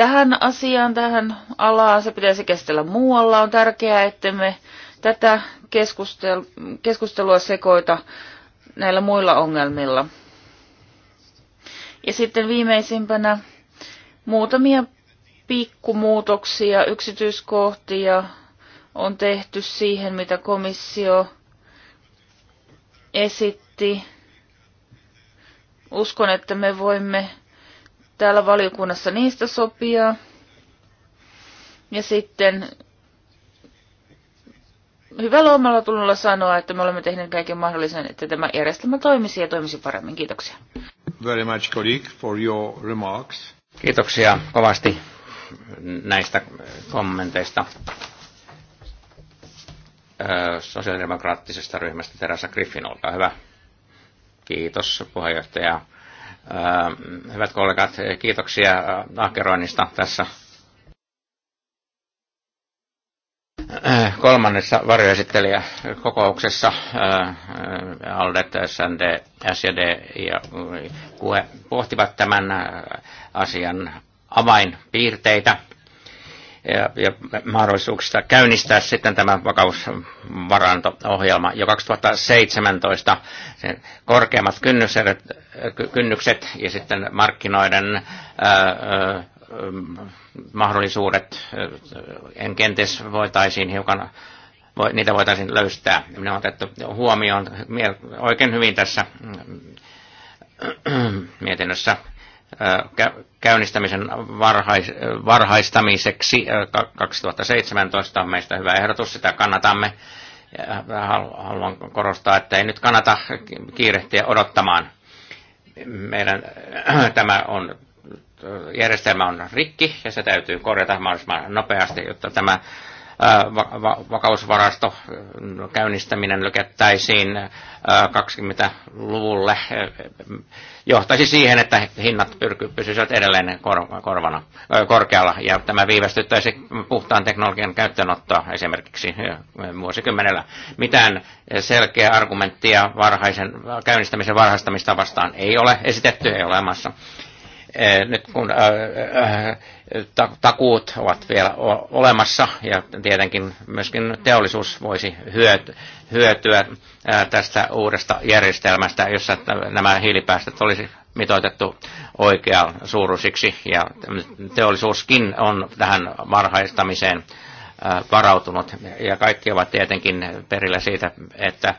tähän asiaan, tähän alaan. Se pitäisi kestellä muualla. On tärkeää, että me tätä keskustelua sekoita näillä muilla ongelmilla. Ja sitten viimeisimpänä muutamia pikkumuutoksia, yksityiskohtia on tehty siihen, mitä komissio esitti. Uskon, että me voimme täällä valiokunnassa niistä sopia. Ja sitten hyvällä omalla tunnolla sanoa, että me olemme tehneet kaiken mahdollisen, että tämä järjestelmä toimisi ja toimisi paremmin. Kiitoksia. Very much, colleague, for your remarks. Kiitoksia kovasti näistä kommenteista sosiaalidemokraattisesta ryhmästä Teresa Griffin, olkaa hyvä. Kiitos puheenjohtaja. Hyvät kollegat, kiitoksia ahkeroinnista tässä kolmannessa varjoesittelijäkokouksessa Aldet, SND, SD ja KUE pohtivat tämän asian avainpiirteitä – ja, ja mahdollisuuksista käynnistää sitten tämä vakausvaranto-ohjelma jo 2017. Sen korkeammat kynnykset, kynnykset ja sitten markkinoiden ää, ää, mahdollisuudet, en kenties voitaisiin hiukan, niitä voitaisiin löystää. Ne on otettu huomioon oikein hyvin tässä mm, mietinnössä käynnistämisen varhais, varhaistamiseksi 2017 on meistä hyvä ehdotus, sitä kannatamme. Haluan korostaa, että ei nyt kannata kiirehtiä odottamaan. Meidän tämä on, järjestelmä on rikki ja se täytyy korjata mahdollisimman nopeasti, jotta tämä vakausvarasto mm, käynnistäminen lykättäisiin 20-luvulle johtaisi siihen, että hinnat pysyisivät edelleen korvana, korkealla ja tämä viivästyttäisi puhtaan teknologian käyttöönottoa esimerkiksi vuosikymmenellä. Mitään selkeää argumenttia varhaisen, käynnistämisen varhaistamista vastaan ei ole esitetty, ei ole olemassa. Eh, nyt kun äh, äh, takuut ovat vielä olemassa ja tietenkin myöskin teollisuus voisi hyötyä äh, tästä uudesta järjestelmästä, jossa nämä hiilipäästöt olisi mitoitettu oikean suuruisiksi ja teollisuuskin on tähän varhaistamiseen varautunut ja kaikki ovat tietenkin perillä siitä, että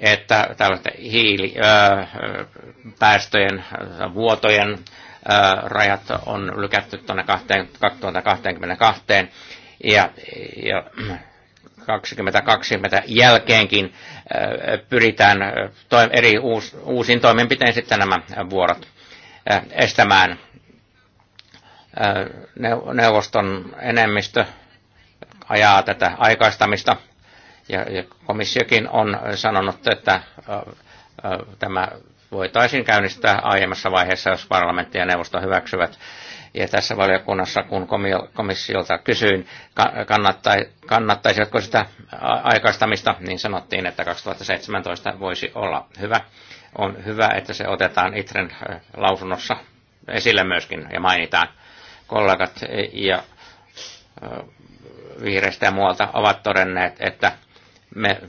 että tällaisten hiilipäästöjen vuotojen rajat on lykätty tuonne 2022 ja, ja 2020 jälkeenkin pyritään eri uus, uusin toimenpitein sitten nämä vuorot estämään. Neuvoston enemmistö ajaa tätä aikaistamista – ja, ja komissiokin on sanonut, että tämä voitaisiin käynnistää aiemmassa vaiheessa, jos parlamentti ja neuvosto hyväksyvät. Ja tässä valiokunnassa, kun komissiolta kysyin, kannattai, kannattaisiko sitä aikaistamista, niin sanottiin, että 2017 voisi olla hyvä. On hyvä, että se otetaan ITREN lausunnossa esille myöskin ja mainitaan kollegat ja vihreistä ja muualta ovat todenneet, että me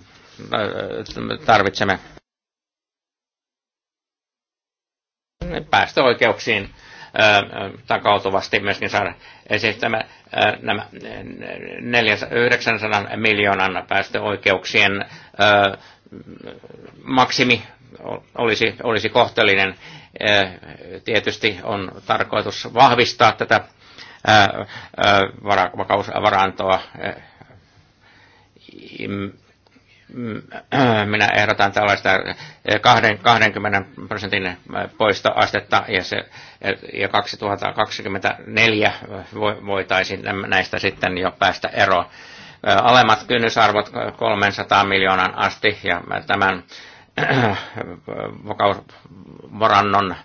tarvitsemme päästöoikeuksiin takautuvasti myöskin saada. Siis nämä 900 miljoonan päästöoikeuksien maksimi olisi, olisi kohtelinen. Tietysti on tarkoitus vahvistaa tätä vakausvarantoa minä ehdotan tällaista 20 eh, prosentin eh, poistoastetta ja, se, eh, ja 2024 voitaisiin näistä sitten jo päästä eroon. Alemmat kynnysarvot 300 miljoonan asti ja tämän vakausvarannon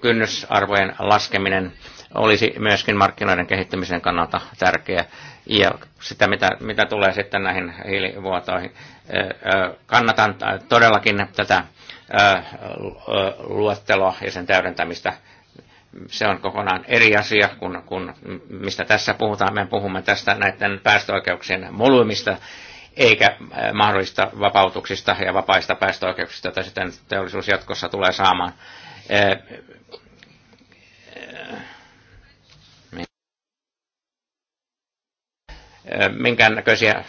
kynnysarvojen laskeminen olisi myöskin markkinoiden kehittämisen kannalta tärkeä ja sitä, mitä, mitä tulee sitten näihin hiilivuotoihin, kannatan todellakin tätä luetteloa ja sen täydentämistä. Se on kokonaan eri asia kuin, kun, mistä tässä puhutaan. Me puhumme tästä näiden päästöoikeuksien molymista eikä mahdollista vapautuksista ja vapaista päästöoikeuksista, joita sitten teollisuus jatkossa tulee saamaan minkäännäköisiä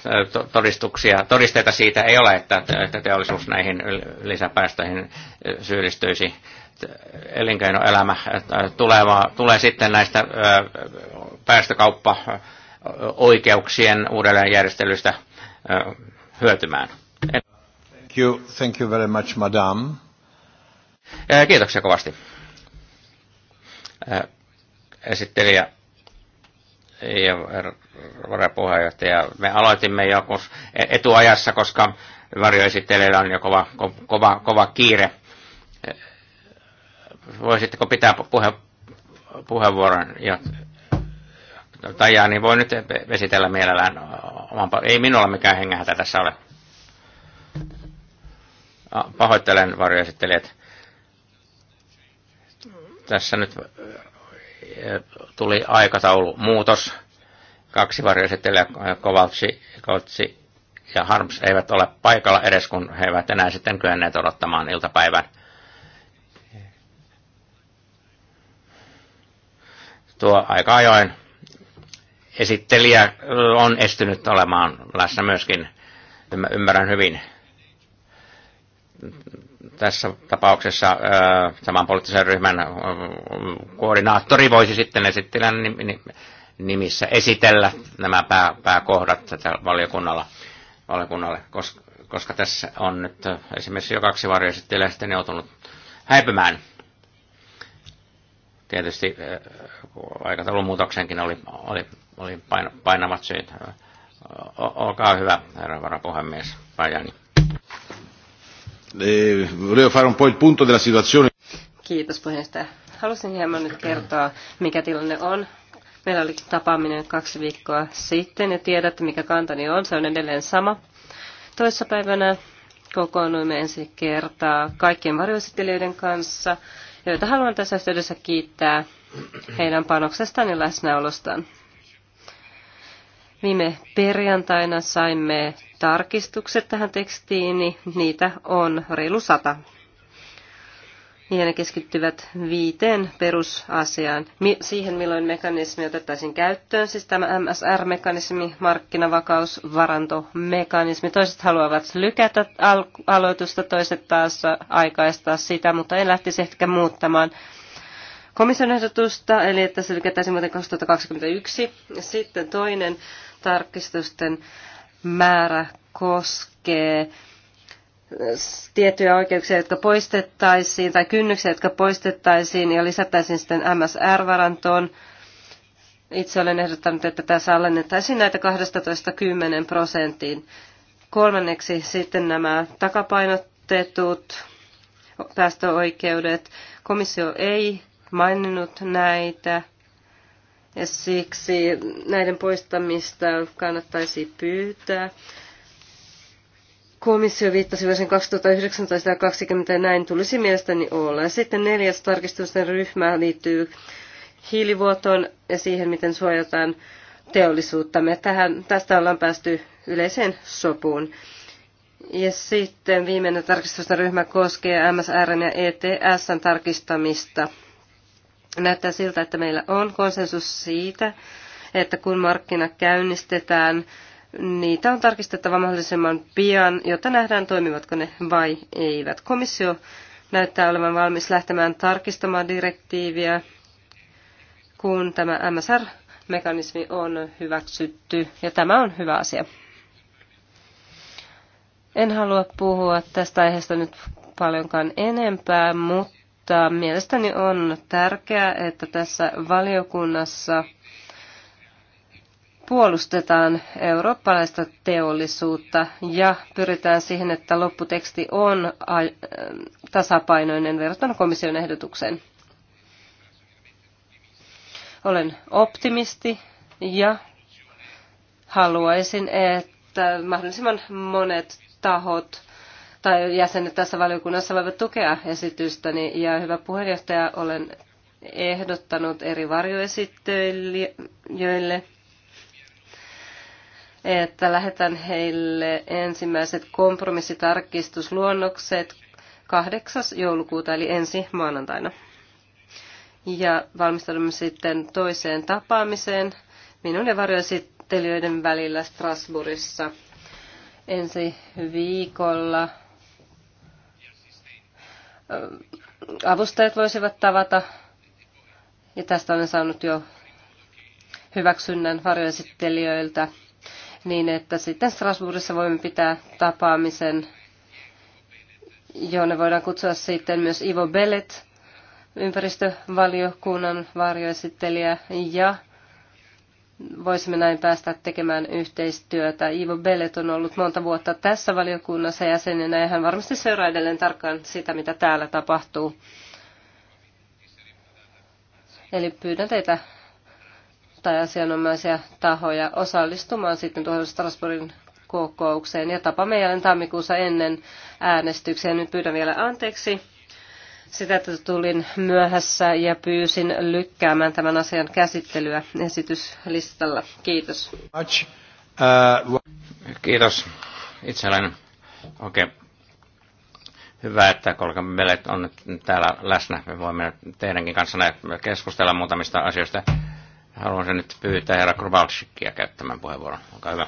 todistuksia, todisteita siitä ei ole, että, teollisuus näihin lisäpäästöihin syyllistyisi. Elinkeinoelämä tuleva, tulee sitten näistä päästökauppa oikeuksien uudelleenjärjestelystä hyötymään. Thank you, thank you very much, madam. Kiitoksia kovasti. Esittelijä ja varapuheenjohtaja. Me aloitimme jo e-, etuajassa, koska varjoesittelijällä on jo kova, kova, kova kiire. E-, voisitteko pitää puhe, puheenvuoron? Ja, tai ja, niin voi nyt vesitellä mielellään. Ei minulla mikään hengähätä tässä ole. Pahoittelen varjoesittelijät. Tässä nyt tuli aikataulumuutos. Kaksi varjoesittelijä, Kovaltsi, Kovaltsi ja Harms eivät ole paikalla edes, kun he eivät enää sitten kyenneet odottamaan iltapäivän. Tuo aika ajoin esittelijä on estynyt olemaan läsnä myöskin. Ymmärrän hyvin tässä tapauksessa saman poliittisen ryhmän koordinaattori voisi sitten esittelen nimissä esitellä nämä pää, pääkohdat tätä valiokunnalla, valiokunnalle, koska, koska tässä on nyt esimerkiksi jo kaksi varjoesittelijää sitten joutunut häipymään. Tietysti aikataulun muutoksenkin oli, oli, oli painavat syyt. Olkaa hyvä, herra varapuhemies Pajani volevo fare un po' il punto della situazione. Kiitos puheenjohtaja. Halusin hieman nyt kertoa, mikä tilanne on. Meillä oli tapaaminen kaksi viikkoa sitten ja tiedätte, mikä kantani on. Se on edelleen sama. Toissapäivänä kokoonnuimme ensi kertaa kaikkien varjoesittelijöiden kanssa, joita haluan tässä yhteydessä kiittää heidän panoksestaan ja läsnäolostaan. Viime perjantaina saimme tarkistukset tähän tekstiin, niitä on reilu sata. Ja ne keskittyvät viiteen perusasiaan. siihen, milloin mekanismi otettaisiin käyttöön, siis tämä MSR-mekanismi, varantomekanismi. Toiset haluavat lykätä al- aloitusta, toiset taas aikaistaa sitä, mutta en lähtisi ehkä muuttamaan komission ehdotusta, eli että se lykätäisiin vuoteen 2021. Sitten toinen tarkistusten määrä koskee tiettyjä oikeuksia, jotka poistettaisiin, tai kynnyksiä, jotka poistettaisiin ja lisättäisiin sitten MSR-varantoon. Itse olen ehdottanut, että tässä alennettaisiin näitä 12-10 prosenttiin. Kolmanneksi sitten nämä takapainotetut päästöoikeudet. Komissio ei maininnut näitä ja siksi näiden poistamista kannattaisi pyytää. Komissio viittasi vuosien 2019 ja 2020 ja näin tulisi mielestäni olla. sitten neljäs tarkistusten ryhmä liittyy hiilivuotoon ja siihen, miten suojataan teollisuuttamme. Tähän, tästä ollaan päästy yleiseen sopuun. Ja sitten viimeinen tarkistusten ryhmä koskee MSRn ja ETSn tarkistamista. Näyttää siltä, että meillä on konsensus siitä, että kun markkina käynnistetään, niitä on tarkistettava mahdollisimman pian, jotta nähdään toimivatko ne vai eivät. Komissio näyttää olevan valmis lähtemään tarkistamaan direktiiviä, kun tämä MSR-mekanismi on hyväksytty, ja tämä on hyvä asia. En halua puhua tästä aiheesta nyt paljonkaan enempää, mutta mutta mielestäni on tärkeää, että tässä valiokunnassa puolustetaan eurooppalaista teollisuutta ja pyritään siihen, että lopputeksti on äh, tasapainoinen verrattuna komission ehdotukseen. Olen optimisti ja haluaisin, että mahdollisimman monet tahot tai jäsenet tässä valiokunnassa voivat tukea esitystäni. Ja hyvä puheenjohtaja, olen ehdottanut eri varjoesittelijöille, että lähetän heille ensimmäiset kompromissitarkistusluonnokset 8. joulukuuta eli ensi maanantaina. Ja valmistaudumme sitten toiseen tapaamiseen minun ja varjoesittelijöiden välillä Strasbourgissa ensi viikolla avustajat voisivat tavata. Ja tästä olen saanut jo hyväksynnän varjoesittelijöiltä, niin että sitten Strasbourgissa voimme pitää tapaamisen, jonne voidaan kutsua sitten myös Ivo Bellet, ympäristövaliokunnan varjoesittelijä, ja voisimme näin päästä tekemään yhteistyötä. Ivo Bellet on ollut monta vuotta tässä valiokunnassa jäsenenä ja hän varmasti seuraa edelleen tarkkaan sitä, mitä täällä tapahtuu. Eli pyydän teitä tai asianomaisia tahoja osallistumaan sitten tuohon Strasbourgin kokoukseen ja tapaamme jälleen tammikuussa ennen äänestyksiä. Nyt pyydän vielä anteeksi sitä, että tulin myöhässä ja pyysin lykkäämään tämän asian käsittelyä esityslistalla. Kiitos. Uh, Kiitos. Itselleen. Okei. okay. hyvä, että kolka meillä on täällä läsnä. Me voimme teidänkin kanssa keskustella muutamista asioista. Haluaisin nyt pyytää herra Kruvalsikkiä käyttämään puheenvuoron. Olkaa hyvä.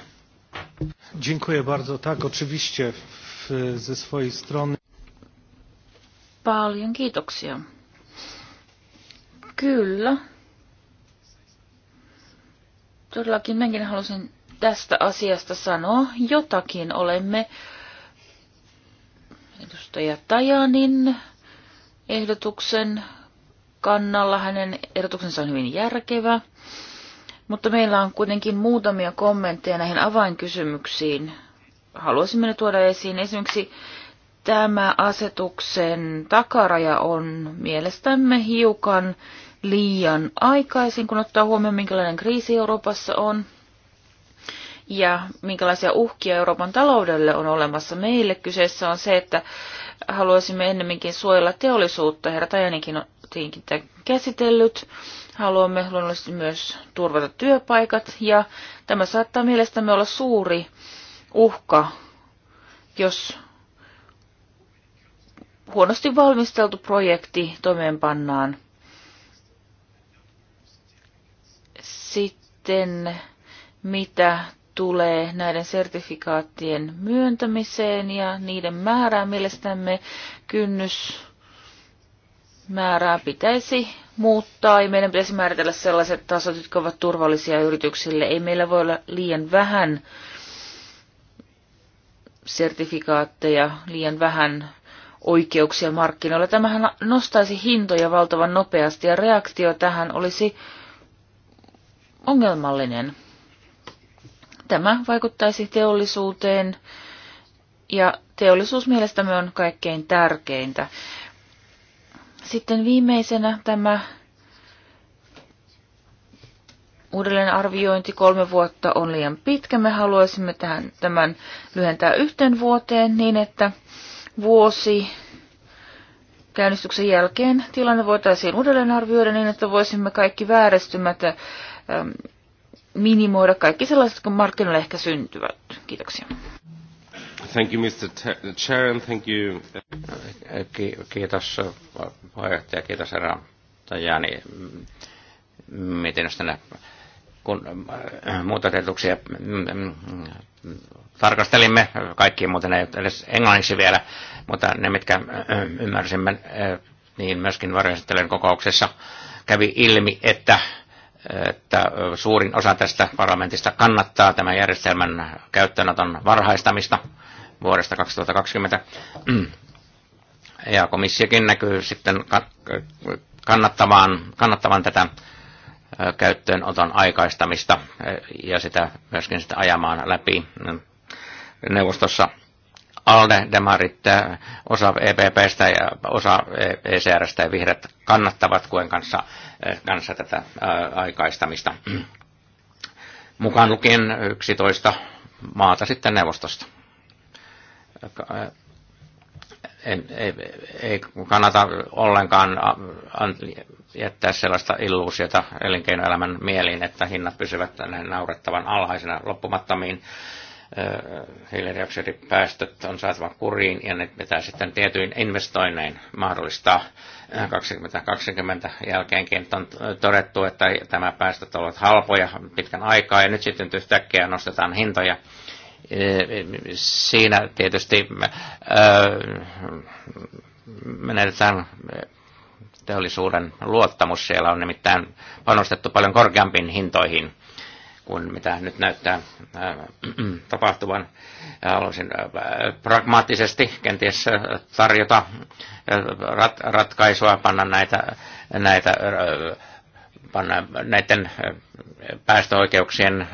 Dziękuję bardzo. Tak, oczywiście ze swojej strony. Paljon kiitoksia. Kyllä. Todellakin minäkin halusin tästä asiasta sanoa jotakin. Olemme edustaja Tajanin ehdotuksen kannalla. Hänen ehdotuksensa on hyvin järkevä. Mutta meillä on kuitenkin muutamia kommentteja näihin avainkysymyksiin. Haluaisimme ne tuoda esiin. Esimerkiksi tämä asetuksen takaraja on mielestämme hiukan liian aikaisin, kun ottaa huomioon, minkälainen kriisi Euroopassa on ja minkälaisia uhkia Euroopan taloudelle on olemassa. Meille kyseessä on se, että haluaisimme ennemminkin suojella teollisuutta. Herra Tajanikin on tämä käsitellyt. Haluamme luonnollisesti myös turvata työpaikat ja tämä saattaa mielestämme olla suuri uhka, jos huonosti valmisteltu projekti toimeenpannaan. Sitten mitä tulee näiden sertifikaattien myöntämiseen ja niiden määrää, mielestämme kynnys määrää pitäisi muuttaa ja meidän pitäisi määritellä sellaiset tasot, jotka ovat turvallisia yrityksille. Ei meillä voi olla liian vähän sertifikaatteja, liian vähän oikeuksia markkinoilla. Tämähän nostaisi hintoja valtavan nopeasti ja reaktio tähän olisi ongelmallinen. Tämä vaikuttaisi teollisuuteen ja teollisuus mielestämme on kaikkein tärkeintä. Sitten viimeisenä tämä uudelleen arviointi kolme vuotta on liian pitkä. Me haluaisimme tähän, tämän lyhentää yhteen vuoteen niin, että vuosi käynnistyksen jälkeen tilanne voitaisiin uudelleen arvioida niin, että voisimme kaikki vääristymät ähm, minimoida, kaikki sellaiset, jotka markkinoille ehkä syntyvät. Kiitoksia. Thank you, Mr. Chair, and thank you. Ki- kiitos äh, puheenjohtaja, kiitos herra Tajani mm, mietinnöstä kun äh, muutosehdotuksia tarkastelimme, kaikki muuten ei edes englanniksi vielä, mutta ne, mitkä äh, ymmärsimme, äh, niin myöskin varjoisettelen kokouksessa kävi ilmi, että, että suurin osa tästä parlamentista kannattaa tämän järjestelmän käyttöönoton varhaistamista vuodesta 2020. Ja komissiokin näkyy sitten kannattamaan, kannattavan tätä käyttöönoton aikaistamista ja sitä myöskin sitä ajamaan läpi mm, neuvostossa. ALDE, Demarit, osa EPPstä ja osa ECRstä ja vihreät kannattavat kuen kanssa, kanssa tätä aikaistamista. Mukaan lukien 11 maata sitten neuvostosta. Ei, ei, ei kannata ollenkaan jättää sellaista illuusiota elinkeinoelämän mieliin, että hinnat pysyvät naurettavan alhaisena loppumattomiin. Hiilidioksidipäästöt on saatava kuriin ja ne pitää sitten tietyin investoinnein mahdollistaa 2020 jälkeenkin. On todettu, että tämä päästöt ovat halpoja pitkän aikaa ja nyt sitten yhtäkkiä nostetaan hintoja siinä tietysti menetetään teollisuuden luottamus. Siellä on nimittäin panostettu paljon korkeampiin hintoihin kuin mitä nyt näyttää äh, tapahtuvan. Haluaisin äh, pragmaattisesti kenties äh, tarjota rat, ratkaisua, panna näitä, näitä panna näiden päästöoikeuksien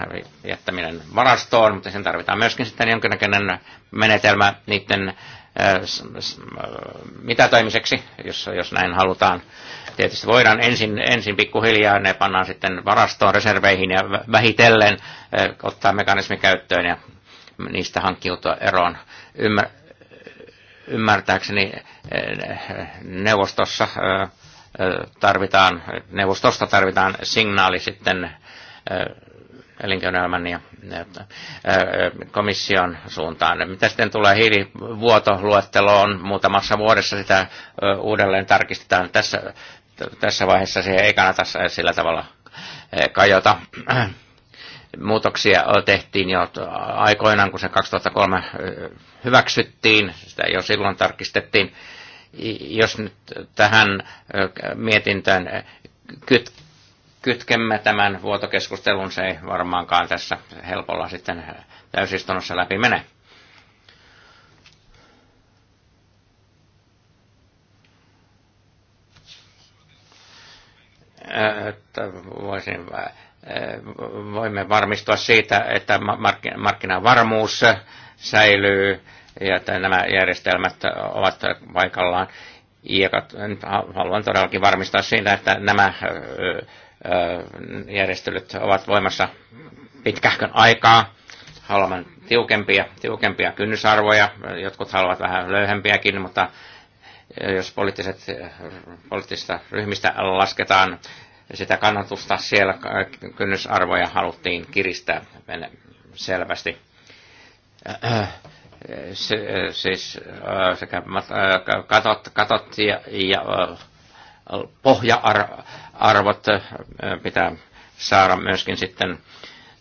jättäminen varastoon, mutta sen tarvitaan myöskin sitten jonkinnäköinen menetelmä niiden Äh, äh, mitätöimiseksi, jos, jos näin halutaan. Tietysti voidaan ensin, ensin pikkuhiljaa, ne pannaan sitten varastoon reserveihin ja vähitellen äh, ottaa mekanismi käyttöön ja niistä hankkiutua eroon. Ymmär, ymmärtääkseni neuvostossa tarvitaan, neuvostosta tarvitaan signaali sitten elinkeinoelämän ja komission suuntaan. Mitä sitten tulee hiilivuotoluetteloon, muutamassa vuodessa sitä uudelleen tarkistetaan. Tässä, tässä vaiheessa siihen ei kannata sillä tavalla kajota. Muutoksia tehtiin jo aikoinaan, kun se 2003 hyväksyttiin, sitä jo silloin tarkistettiin. Jos nyt tähän mietintään kyt, kytkemme tämän vuotokeskustelun, se ei varmaankaan tässä helpolla sitten täysistunnossa läpi mene. Äh, että voisin, äh, voimme varmistua siitä, että markkinavarmuus säilyy ja että nämä järjestelmät ovat paikallaan. Ja haluan todellakin varmistaa siitä, että nämä äh, järjestelyt ovat voimassa pitkähkön aikaa. Haluamme tiukempia, tiukempia kynnysarvoja, jotkut haluavat vähän löyhempiäkin, mutta eh, jos poliittiset, eh, poliittisista ryhmistä lasketaan sitä kannatusta, siellä kynnysarvoja haluttiin kiristää selvästi. Eh, se, siis sekä katot, katot ja, ja pohja-arvot äh, pitää saada myöskin sitten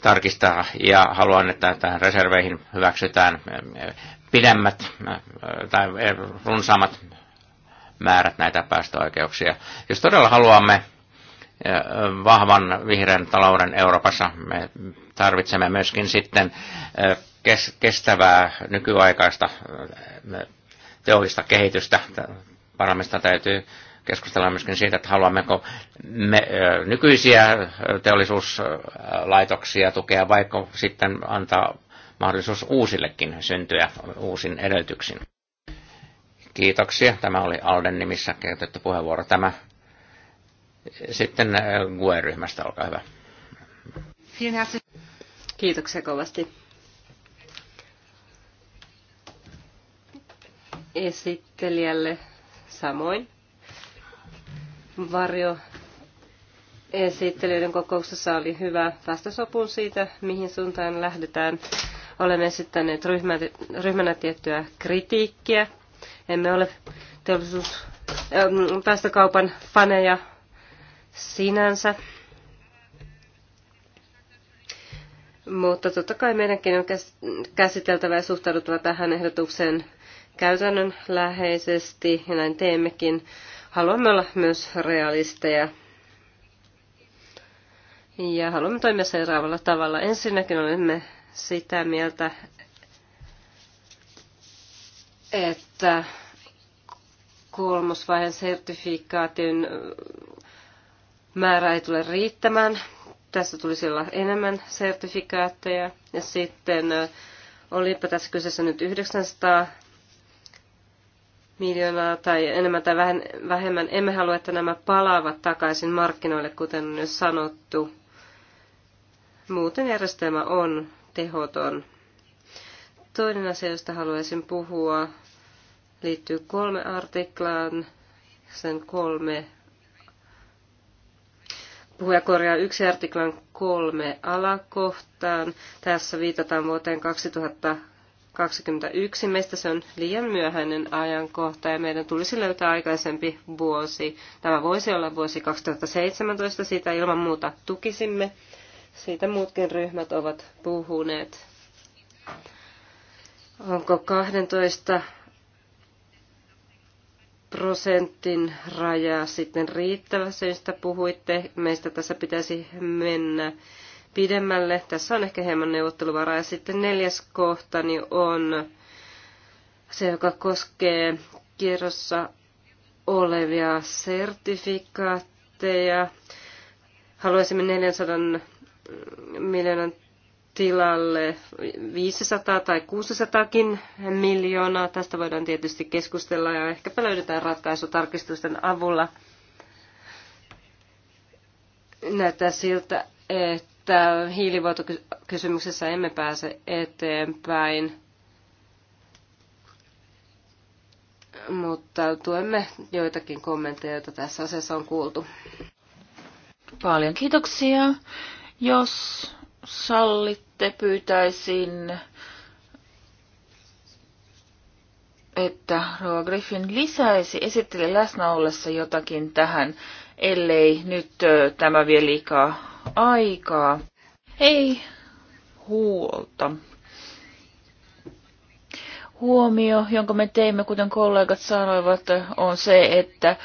tarkistaa ja haluan, että tähän reserveihin hyväksytään äh, pidemmät äh, tai runsaammat määrät näitä päästöoikeuksia. Jos todella haluamme vahvan vihreän talouden Euroopassa, me tarvitsemme myöskin sitten kestävää nykyaikaista teollista kehitystä. Paramista täytyy keskustellaan myöskin siitä, että haluammeko me nykyisiä teollisuuslaitoksia tukea, vaikka sitten antaa mahdollisuus uusillekin syntyä uusin edellytyksin. Kiitoksia. Tämä oli Alden nimissä käytetty puheenvuoro. Tämä sitten GUE-ryhmästä, olkaa hyvä. Kiitoksia kovasti. Esittelijälle samoin varjo esittelyiden kokouksessa oli hyvä päästä sopuun siitä, mihin suuntaan lähdetään. Olemme esittäneet ryhmänä tiettyä kritiikkiä. Emme ole teollisuus, ähm, päästökaupan faneja sinänsä. Mutta totta kai meidänkin on käsiteltävä ja suhtauduttava tähän ehdotukseen käytännönläheisesti, ja näin teemmekin Haluamme olla myös realisteja ja haluamme toimia seuraavalla tavalla. Ensinnäkin olemme sitä mieltä, että kolmosvaiheen sertifikaatin määrä ei tule riittämään. Tässä tulisi olla enemmän sertifikaatteja. Ja sitten olipa tässä kyseessä nyt 900 miljoonaa tai enemmän tai vähän, vähemmän. Emme halua, että nämä palaavat takaisin markkinoille, kuten on jo sanottu. Muuten järjestelmä on tehoton. Toinen asia, josta haluaisin puhua, liittyy kolme artiklaan, sen kolme Puhuja korjaa yksi artiklan kolme alakohtaan. Tässä viitataan vuoteen 2000 21. Meistä se on liian myöhäinen ajankohta ja meidän tulisi löytää aikaisempi vuosi. Tämä voisi olla vuosi 2017, sitä ilman muuta tukisimme. Siitä muutkin ryhmät ovat puhuneet. Onko 12 prosentin raja sitten riittävä, se mistä puhuitte? Meistä tässä pitäisi mennä pidemmälle. Tässä on ehkä hieman neuvotteluvaraa. Ja sitten neljäs kohtani on se, joka koskee kierrossa olevia sertifikaatteja. Haluaisimme 400 mm, miljoonan tilalle 500 tai 600 miljoonaa. Tästä voidaan tietysti keskustella ja ehkäpä löydetään ratkaisu tarkistusten avulla. Näyttää siltä, että että hiilivuotokysymyksessä emme pääse eteenpäin, mutta tuemme joitakin kommentteja, joita tässä asiassa on kuultu. Paljon kiitoksia. Jos sallitte, pyytäisin, että Roa Griffin lisäisi esitteli läsnä ollessa jotakin tähän, ellei nyt tämä vie liikaa aikaa. Ei huolta. Huomio, jonka me teimme, kuten kollegat sanoivat, on se, että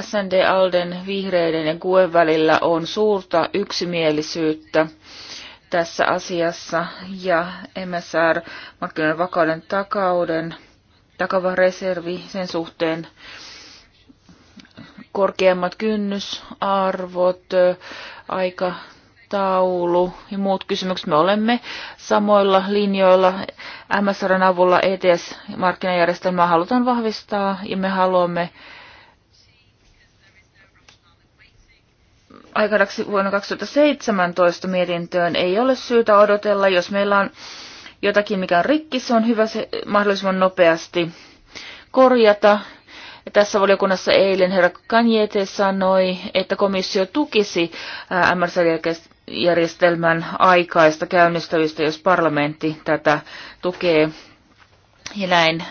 SND Alden, vihreiden ja kuen välillä on suurta yksimielisyyttä tässä asiassa ja MSR, markkinoiden vakauden takauden, takava reservi sen suhteen korkeammat kynnysarvot, aika taulu ja muut kysymykset. Me olemme samoilla linjoilla. MSRn avulla ETS-markkinajärjestelmää halutaan vahvistaa ja me haluamme aikadaksi vuonna 2017 mietintöön ei ole syytä odotella. Jos meillä on jotakin, mikä on rikki, se on hyvä se mahdollisimman nopeasti korjata tässä valiokunnassa eilen herra Kanjete sanoi, että komissio tukisi MRC-järjestelmän aikaista käynnistävistä, jos parlamentti tätä tukee. Ja näin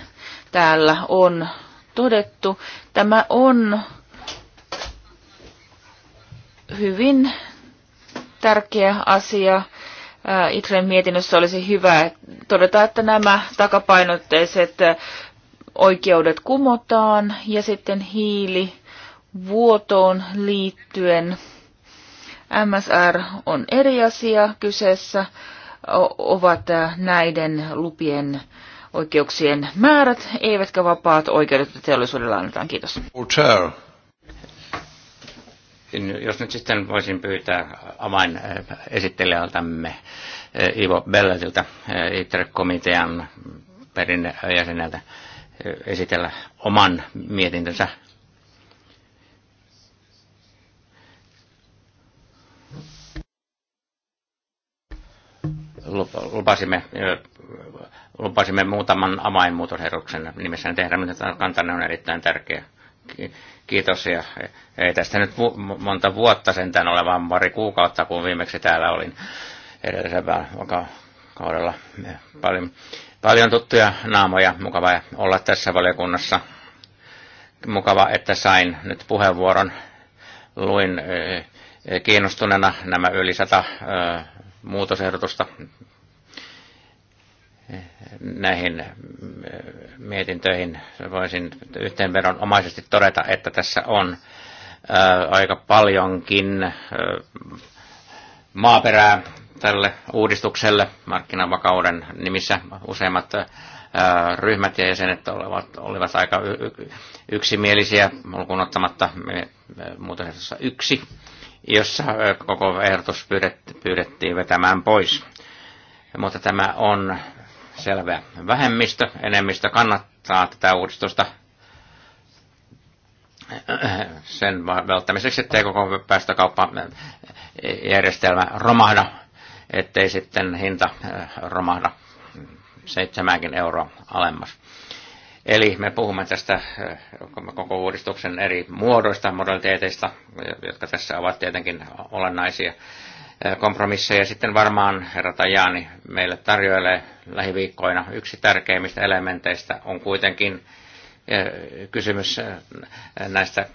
täällä on todettu. Tämä on hyvin tärkeä asia. Itren mietinnössä olisi hyvä todeta, että nämä takapainotteiset oikeudet kumotaan ja sitten hiili vuotoon liittyen MSR on eri asia kyseessä, ovat äh, näiden lupien oikeuksien määrät, eivätkä vapaat oikeudet teollisuudella annetaan. Kiitos. Jos nyt sitten voisin pyytää avain äh, esittelijältämme äh, Ivo Belletiltä, ITRE-komitean perinnejäseneltä, esitellä oman mietintönsä. Lupasimme, lupasimme muutaman avainmuutosherruksen nimessä tehdä, mutta kantanne on erittäin tärkeä. Kiitos ja ei tästä nyt monta vuotta sentään ole, vaan pari kuukautta, kun viimeksi täällä olin edellisellä kaudella paljon Paljon tuttuja naamoja, mukava olla tässä valiokunnassa. Mukava, että sain nyt puheenvuoron. Luin kiinnostuneena nämä yli sata muutosehdotusta näihin mietintöihin. Voisin yhteenvedon omaisesti todeta, että tässä on aika paljonkin maaperää tälle uudistukselle markkinavakauden nimissä. Useimmat äh, ryhmät ja jäsenet olivat, olivat aika yksimielisiä, lukuun ottamatta muuten yksi, jossa äh, koko ehdotus pyydettiin vetämään pois. Mutta tämä on selvä vähemmistö. Enemmistö kannattaa tätä uudistusta äh, sen välttämiseksi, ettei koko päästökauppajärjestelmä romahda ettei sitten hinta äh, romahda seitsemänkin euroa alemmas. Eli me puhumme tästä äh, koko uudistuksen eri muodoista, modaliteeteista, jotka tässä ovat tietenkin olennaisia äh, kompromisseja. Sitten varmaan herra Tajani meille tarjoilee lähiviikkoina. Yksi tärkeimmistä elementeistä on kuitenkin kysymys äh, näistä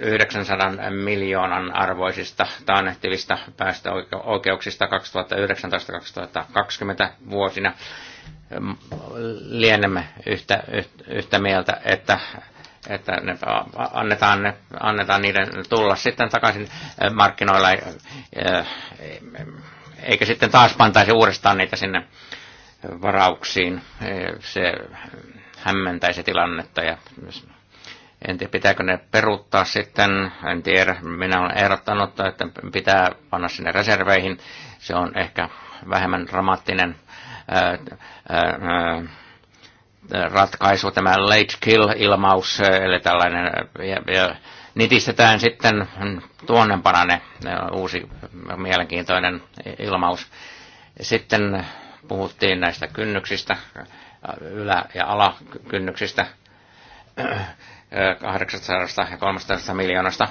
900 äh, miljoonan arvoisista taannehtivista päästöoikeuksista 2019-2020 vuosina. Lienemme yhtä, yhtä mieltä, että että ne, annetaan, ne, annetaan niiden tulla sitten takaisin äh, markkinoilla, eikä sitten taas pantaisi uudestaan niitä sinne varauksiin. Se hämmentäisi tilannetta ja en tiedä, pitääkö ne peruuttaa sitten, en tiedä. Minä olen ehdottanut, että pitää panna sinne reserveihin. Se on ehkä vähemmän dramaattinen ää, ää, ratkaisu, tämä late kill-ilmaus, eli tällainen, ja, ja nitistetään sitten tuonnempana ne uusi mielenkiintoinen ilmaus. Sitten puhuttiin näistä kynnyksistä, ylä- ja alakynnyksistä 800 äh, ja 300 miljoonasta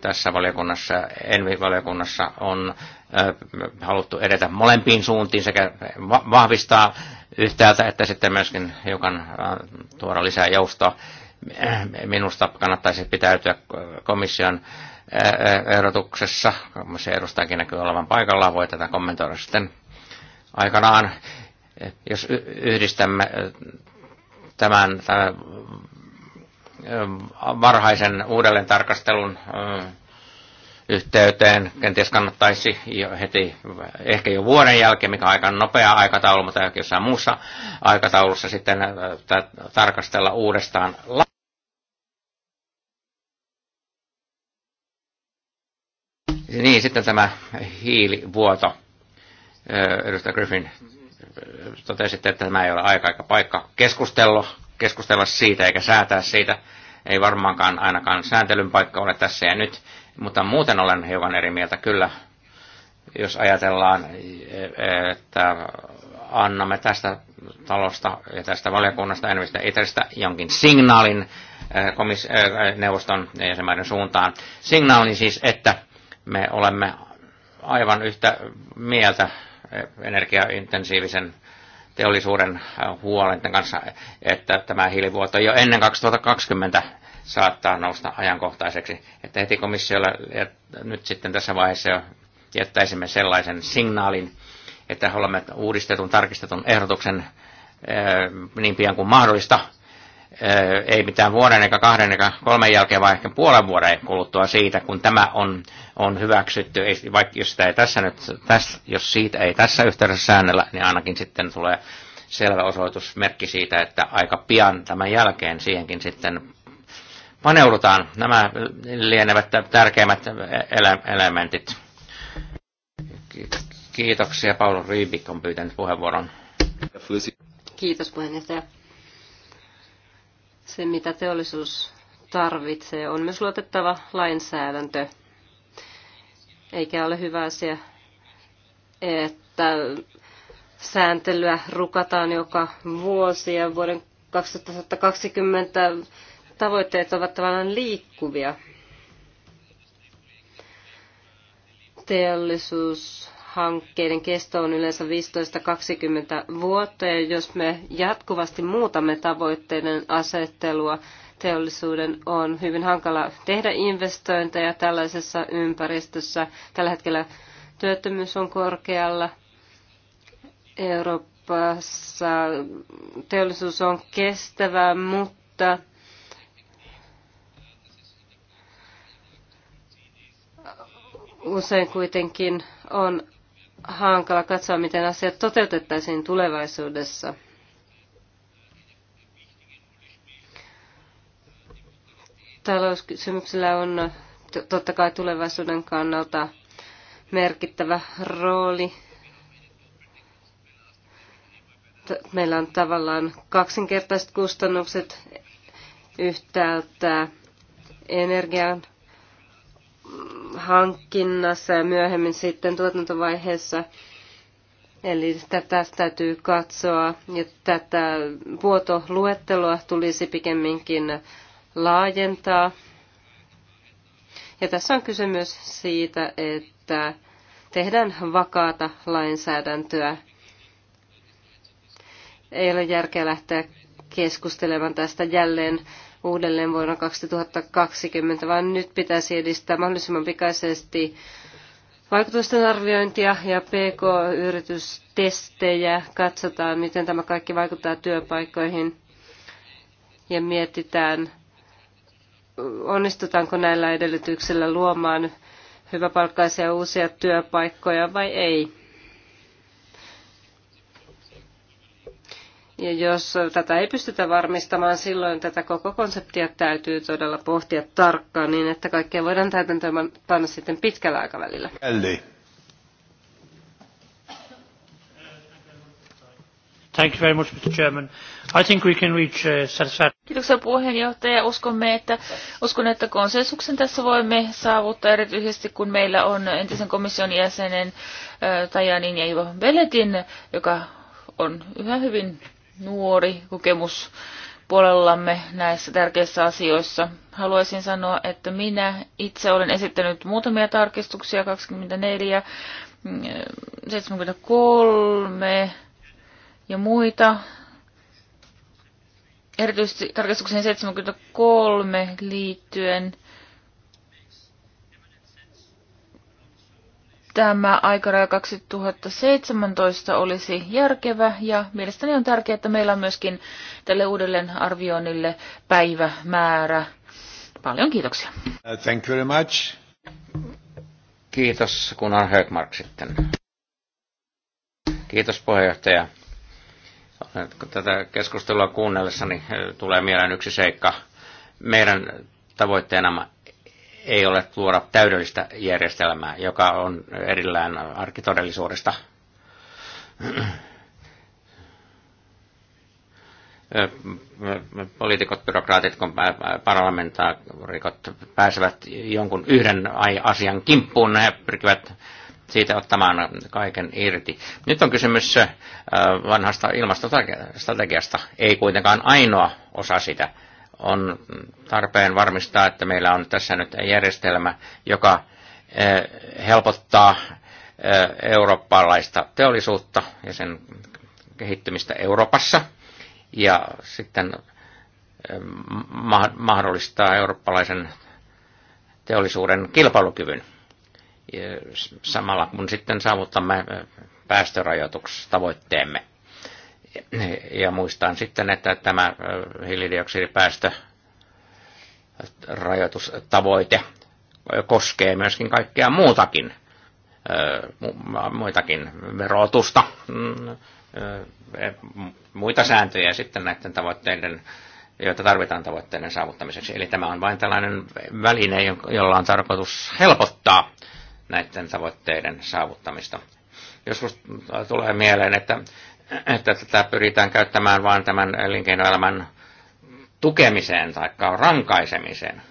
tässä valiokunnassa, Envi-valiokunnassa on äh, haluttu edetä molempiin suuntiin sekä vahvistaa yhtäältä että sitten myöskin hiukan äh, tuoda lisää joustoa. Minusta kannattaisi pitäytyä komission ehdotuksessa. Se edustajakin näkyy olevan paikalla, voi tätä kommentoida sitten aikanaan. Jos yhdistämme tämän, tämän varhaisen tarkastelun yhteyteen. Kenties kannattaisi jo heti, ehkä jo vuoden jälkeen, mikä on aika nopea aikataulu, mutta jossain muussa aikataulussa sitten tarkastella uudestaan. Niin, sitten tämä hiilivuoto. Edustaja Griffin totesitte, että tämä ei ole aika aika paikka keskustella, keskustella siitä eikä säätää siitä. Ei varmaankaan ainakaan sääntelyn paikka ole tässä ja nyt, mutta muuten olen hiukan eri mieltä kyllä, jos ajatellaan, että annamme tästä talosta ja tästä valiokunnasta, enemmistä itsestä jonkin signaalin eh, komis- eh, neuvoston jäsenmaiden suuntaan. Signaali siis, että me olemme aivan yhtä mieltä energiaintensiivisen teollisuuden äh, huolenten kanssa, että tämä hiilivuoto jo ennen 2020 saattaa nousta ajankohtaiseksi. Että heti komissiolla nyt sitten tässä vaiheessa jo jättäisimme sellaisen signaalin, että olemme uudistetun, tarkistetun ehdotuksen äh, niin pian kuin mahdollista ei mitään vuoden eikä kahden eikä kolmen jälkeen, vaan ehkä puolen vuoden kuluttua siitä, kun tämä on, on hyväksytty. vaikka jos, sitä ei tässä nyt, tässä, jos siitä ei tässä yhteydessä säännellä, niin ainakin sitten tulee selvä osoitusmerkki siitä, että aika pian tämän jälkeen siihenkin sitten paneudutaan. Nämä lienevät tärkeimmät ele- elementit. Kiitoksia. Paolo Rybik on pyytänyt puheenvuoron. Kiitos puheenjohtaja se, mitä teollisuus tarvitsee, on myös luotettava lainsäädäntö. Eikä ole hyvä asia, että sääntelyä rukataan joka vuosi ja vuoden 2020 tavoitteet ovat tavallaan liikkuvia. Teollisuus hankkeiden kesto on yleensä 15-20 vuotta ja jos me jatkuvasti muutamme tavoitteiden asettelua, teollisuuden on hyvin hankala tehdä investointeja tällaisessa ympäristössä. Tällä hetkellä työttömyys on korkealla. Euroopassa teollisuus on kestävä, mutta usein kuitenkin on hankala katsoa, miten asiat toteutettaisiin tulevaisuudessa. Talouskysymyksellä on totta kai tulevaisuuden kannalta merkittävä rooli. Meillä on tavallaan kaksinkertaiset kustannukset yhtäältä energian hankinnassa ja myöhemmin sitten tuotantovaiheessa. Eli tätä täytyy katsoa ja tätä vuotoluetteloa tulisi pikemminkin laajentaa. Ja tässä on kyse myös siitä, että tehdään vakaata lainsäädäntöä. Ei ole järkeä lähteä keskustelemaan tästä jälleen uudelleen vuonna 2020, vaan nyt pitäisi edistää mahdollisimman pikaisesti vaikutusten arviointia ja PK-yritystestejä. Katsotaan, miten tämä kaikki vaikuttaa työpaikkoihin ja mietitään, onnistutaanko näillä edellytyksillä luomaan hyväpalkkaisia uusia työpaikkoja vai ei. Ja jos tätä ei pystytä varmistamaan, silloin tätä koko konseptia täytyy todella pohtia tarkkaan niin, että kaikkea voidaan täytäntöön panna sitten pitkällä aikavälillä. Eli. Thank you very much, Mr. Chairman. I think we can reach uh, satisfaction. Kiitoksia puheenjohtaja. Uskomme, että, uskon, että konsensuksen tässä voimme saavuttaa erityisesti, kun meillä on entisen komission jäsenen äh, Tajanin ja Ivo Veletin, joka on yhä hyvin nuori kokemus puolellamme näissä tärkeissä asioissa. Haluaisin sanoa, että minä itse olen esittänyt muutamia tarkistuksia, 24, 73 mm, ja muita. Erityisesti tarkistukseen 73 liittyen – tämä aikaraja 2017 olisi järkevä ja mielestäni on tärkeää, että meillä on myöskin tälle uudelleen arvioinnille päivämäärä. Paljon kiitoksia. Uh, thank you very much. Kiitos, kunhan Högmark sitten. Kiitos puheenjohtaja. Kun tätä keskustelua kuunnellessani eh, tulee mieleen yksi seikka. Meidän tavoitteenamme ei ole luoda täydellistä järjestelmää, joka on erillään arkitodellisuudesta. Poliitikot, byrokraatit, kun parlamentaarikot pääsevät jonkun yhden asian kimppuun, ne pyrkivät siitä ottamaan kaiken irti. Nyt on kysymys vanhasta ilmastostrategiasta, ei kuitenkaan ainoa osa sitä on tarpeen varmistaa, että meillä on tässä nyt järjestelmä, joka eh, helpottaa eh, eurooppalaista teollisuutta ja sen kehittymistä Euroopassa ja sitten eh, mahdollistaa eurooppalaisen teollisuuden kilpailukyvyn samalla kun sitten saavutamme päästörajoitustavoitteemme. Niin, ja muistan sitten, että tämä hiilidioksidipäästö rajoitustavoite koskee myöskin kaikkea muutakin, muitakin verotusta, mm, e, muita sääntöjä sitten näiden tavoitteiden, joita tarvitaan tavoitteiden saavuttamiseksi. Eli tämä on vain tällainen väline, jolla on tarkoitus helpottaa näiden tavoitteiden saavuttamista. Joskus tulee mieleen, että että tätä pyritään käyttämään vain tämän elinkeinoelämän tukemiseen tai rankaisemiseen.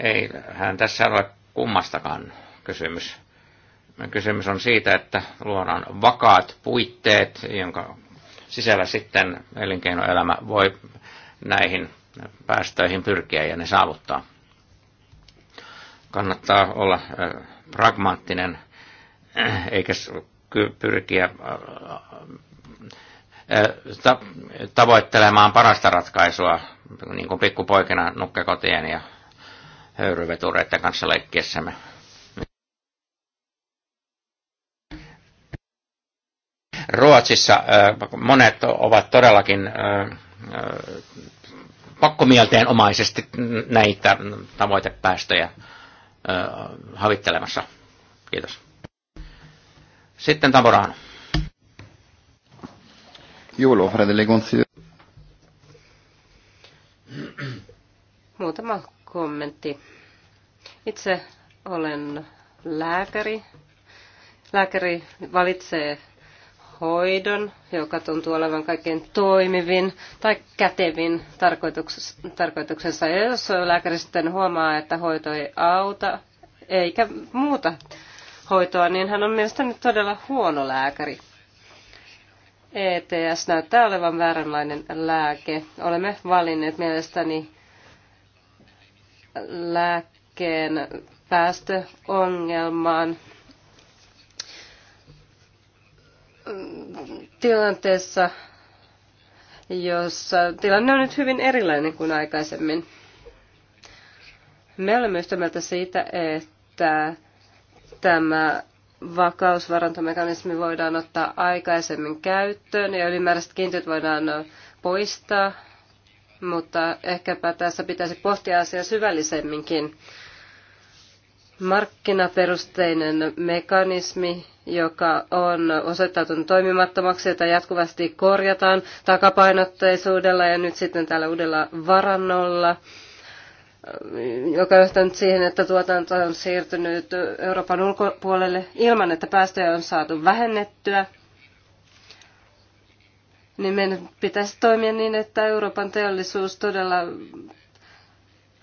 Ei hän tässä ole kummastakaan kysymys. Kysymys on siitä, että luodaan vakaat puitteet, jonka sisällä sitten elinkeinoelämä voi näihin päästöihin pyrkiä ja ne saavuttaa. Kannattaa olla äh, pragmaattinen eikä pyrkiä äh, äh, tavoittelemaan parasta ratkaisua, niin kuin pikkupoikina nukkekotien ja höyryvetureiden kanssa leikkiessämme. Ruotsissa äh, monet ovat todellakin pakkomielteenomaisesti näitä tavoitepäästöjä havittelemassa. Kiitos. Sitten Taboraan. Joo, delle Muutama kommentti. Itse olen lääkäri. Lääkäri valitsee hoidon, joka tuntuu olevan kaikkein toimivin tai kätevin tarkoituksensa. Ja jos lääkäri sitten huomaa, että hoito ei auta eikä muuta hoitoa, niin hän on mielestäni todella huono lääkäri. ETS näyttää olevan vääränlainen lääke. Olemme valinneet mielestäni lääkkeen päästöongelmaan tilanteessa, jossa tilanne on nyt hyvin erilainen kuin aikaisemmin. Me olemme yhtä mieltä siitä, että tämä vakausvarantomekanismi voidaan ottaa aikaisemmin käyttöön ja ylimääräiset kiintiöt voidaan poistaa, mutta ehkäpä tässä pitäisi pohtia asiaa syvällisemminkin. Markkinaperusteinen mekanismi, joka on osoittautunut toimimattomaksi, jota jatkuvasti korjataan takapainotteisuudella ja nyt sitten tällä uudella varannolla – joka johtaa nyt siihen, että tuotanto on siirtynyt Euroopan ulkopuolelle ilman, että päästöjä on saatu vähennettyä, niin meidän pitäisi toimia niin, että Euroopan teollisuus todella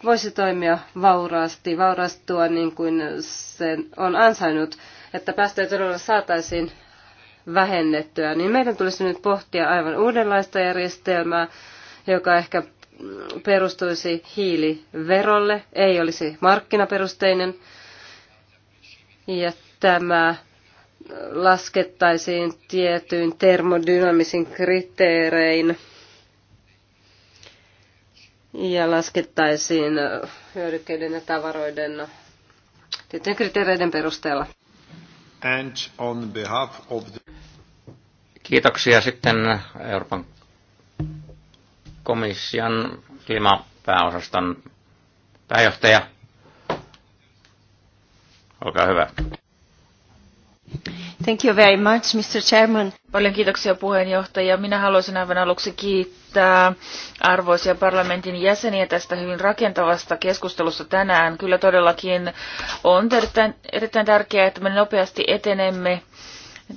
voisi toimia vauraasti, vaurastua niin kuin se on ansainnut, että päästöjä todella saataisiin vähennettyä, niin meidän tulisi nyt pohtia aivan uudenlaista järjestelmää, joka ehkä perustuisi hiiliverolle, ei olisi markkinaperusteinen. Ja tämä laskettaisiin tietyin termodynaamisin kriteerein ja laskettaisiin hyödykkeiden ja tavaroiden tiettyjen kriteereiden perusteella. And on behalf of the... Kiitoksia sitten Euroopan komission klimapääosaston pääjohtaja. Olkaa hyvä. Thank you very much, Mr. Chairman. Paljon kiitoksia puheenjohtaja. Minä haluaisin aivan aluksi kiittää arvoisia parlamentin jäseniä tästä hyvin rakentavasta keskustelusta tänään. Kyllä todellakin on erittäin, erittäin tärkeää, että me nopeasti etenemme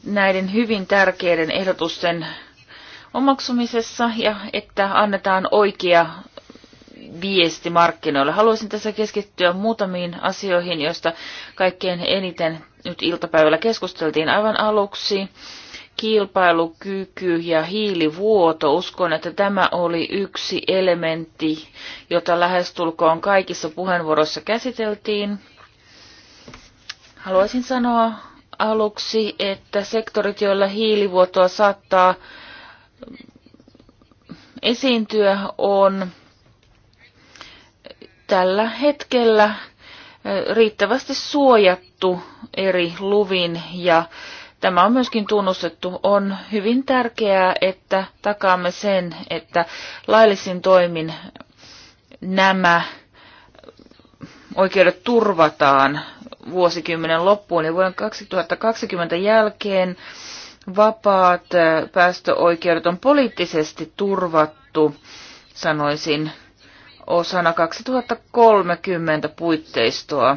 näiden hyvin tärkeiden ehdotusten omaksumisessa ja että annetaan oikea viesti markkinoille. Haluaisin tässä keskittyä muutamiin asioihin, joista kaikkein eniten nyt iltapäivällä keskusteltiin aivan aluksi. Kilpailukyky ja hiilivuoto. Uskon, että tämä oli yksi elementti, jota lähestulkoon kaikissa puheenvuoroissa käsiteltiin. Haluaisin sanoa aluksi, että sektorit, joilla hiilivuotoa saattaa esiintyä on tällä hetkellä riittävästi suojattu eri luvin ja tämä on myöskin tunnustettu. On hyvin tärkeää, että takaamme sen, että laillisin toimin nämä oikeudet turvataan vuosikymmenen loppuun ja vuoden 2020 jälkeen vapaat päästöoikeudet on poliittisesti turvattu, sanoisin, osana 2030 puitteistoa.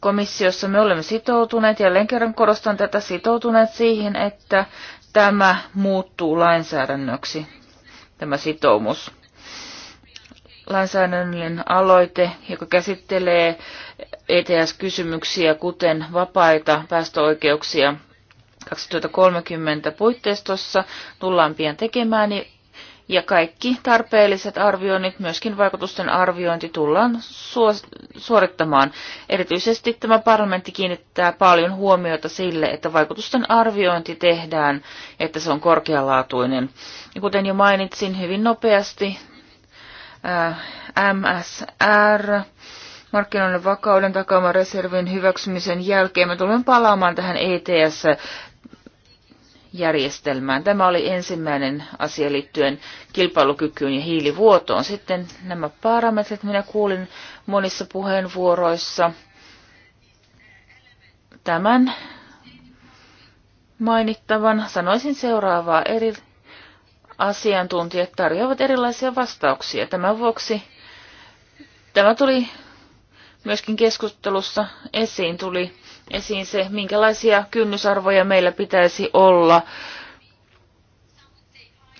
Komissiossa me olemme sitoutuneet, jälleen kerran korostan tätä, sitoutuneet siihen, että tämä muuttuu lainsäädännöksi, tämä sitoumus. Lainsäädännöllinen aloite, joka käsittelee ETS-kysymyksiä, kuten vapaita päästöoikeuksia – 2030 puitteistossa tullaan pian tekemään ja kaikki tarpeelliset arvioinnit, myöskin vaikutusten arviointi tullaan suorittamaan. Erityisesti tämä parlamentti kiinnittää paljon huomiota sille, että vaikutusten arviointi tehdään, että se on korkealaatuinen. Ja kuten jo mainitsin hyvin nopeasti, MSR, markkinoiden vakauden takaaman reservin hyväksymisen jälkeen me tulemme palaamaan tähän ETS järjestelmään. Tämä oli ensimmäinen asia liittyen kilpailukykyyn ja hiilivuotoon. Sitten nämä parametrit minä kuulin monissa puheenvuoroissa. Tämän mainittavan sanoisin seuraavaa. Eri asiantuntijat tarjoavat erilaisia vastauksia. Tämän vuoksi tämä tuli myöskin keskustelussa esiin, tuli esiin se, minkälaisia kynnysarvoja meillä pitäisi olla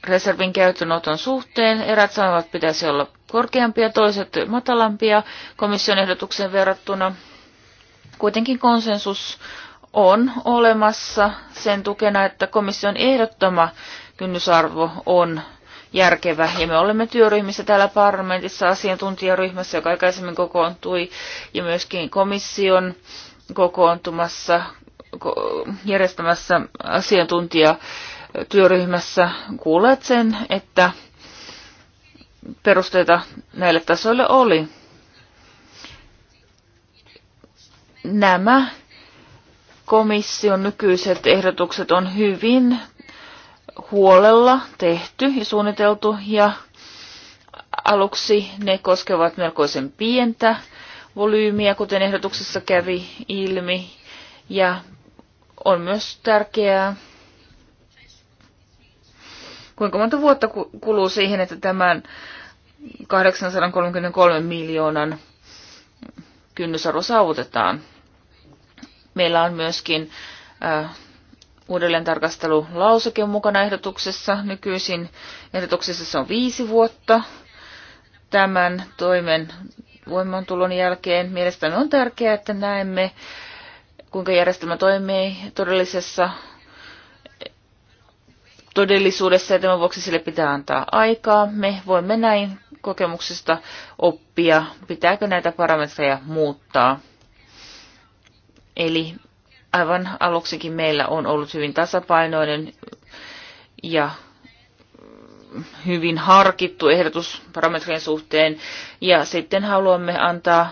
reservin käyttöönoton suhteen. Erät sanovat pitäisi olla korkeampia, toiset matalampia komission ehdotuksen verrattuna. Kuitenkin konsensus on olemassa sen tukena, että komission ehdottama kynnysarvo on järkevä. Ja me olemme työryhmissä täällä parlamentissa, asiantuntijaryhmässä, joka aikaisemmin kokoontui, ja myöskin komission kokoontumassa, järjestämässä asiantuntijatyöryhmässä kuulet sen, että perusteita näille tasoille oli. Nämä komission nykyiset ehdotukset on hyvin huolella tehty ja suunniteltu ja aluksi ne koskevat melkoisen pientä volyymiä, kuten ehdotuksessa kävi ilmi. Ja on myös tärkeää, kuinka monta vuotta kuluu siihen, että tämän 833 miljoonan kynnysarvo saavutetaan. Meillä on myöskin äh, uudelleen mukana ehdotuksessa. Nykyisin ehdotuksessa se on viisi vuotta. Tämän toimen voimantulon jälkeen. Mielestäni on tärkeää, että näemme, kuinka järjestelmä toimii todellisessa todellisuudessa ja tämän vuoksi sille pitää antaa aikaa. Me voimme näin kokemuksesta oppia, pitääkö näitä parametreja muuttaa. Eli aivan aluksikin meillä on ollut hyvin tasapainoinen ja hyvin harkittu ehdotus parametrien suhteen ja sitten haluamme antaa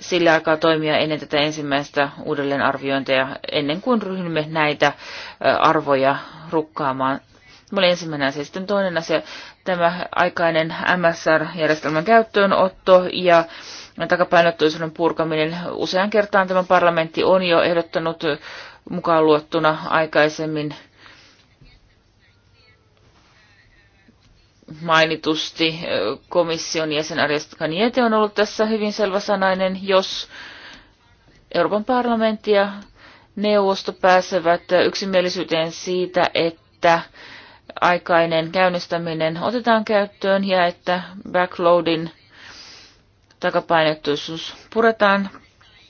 sillä aikaa toimia ennen tätä ensimmäistä uudelleenarviointia, ennen kuin ryhdymme näitä arvoja rukkaamaan. Tämä oli ensimmäinen asia. Sitten toinen asia, tämä aikainen MSR-järjestelmän käyttöönotto ja takapainottuisuuden purkaminen. Usean kertaan tämä parlamentti on jo ehdottanut mukaan luottuna aikaisemmin mainitusti komission jäsen Arias Kaniete on ollut tässä hyvin selväsanainen, jos Euroopan parlamentti ja neuvosto pääsevät yksimielisyyteen siitä, että aikainen käynnistäminen otetaan käyttöön ja että backloadin takapainettuisuus puretaan.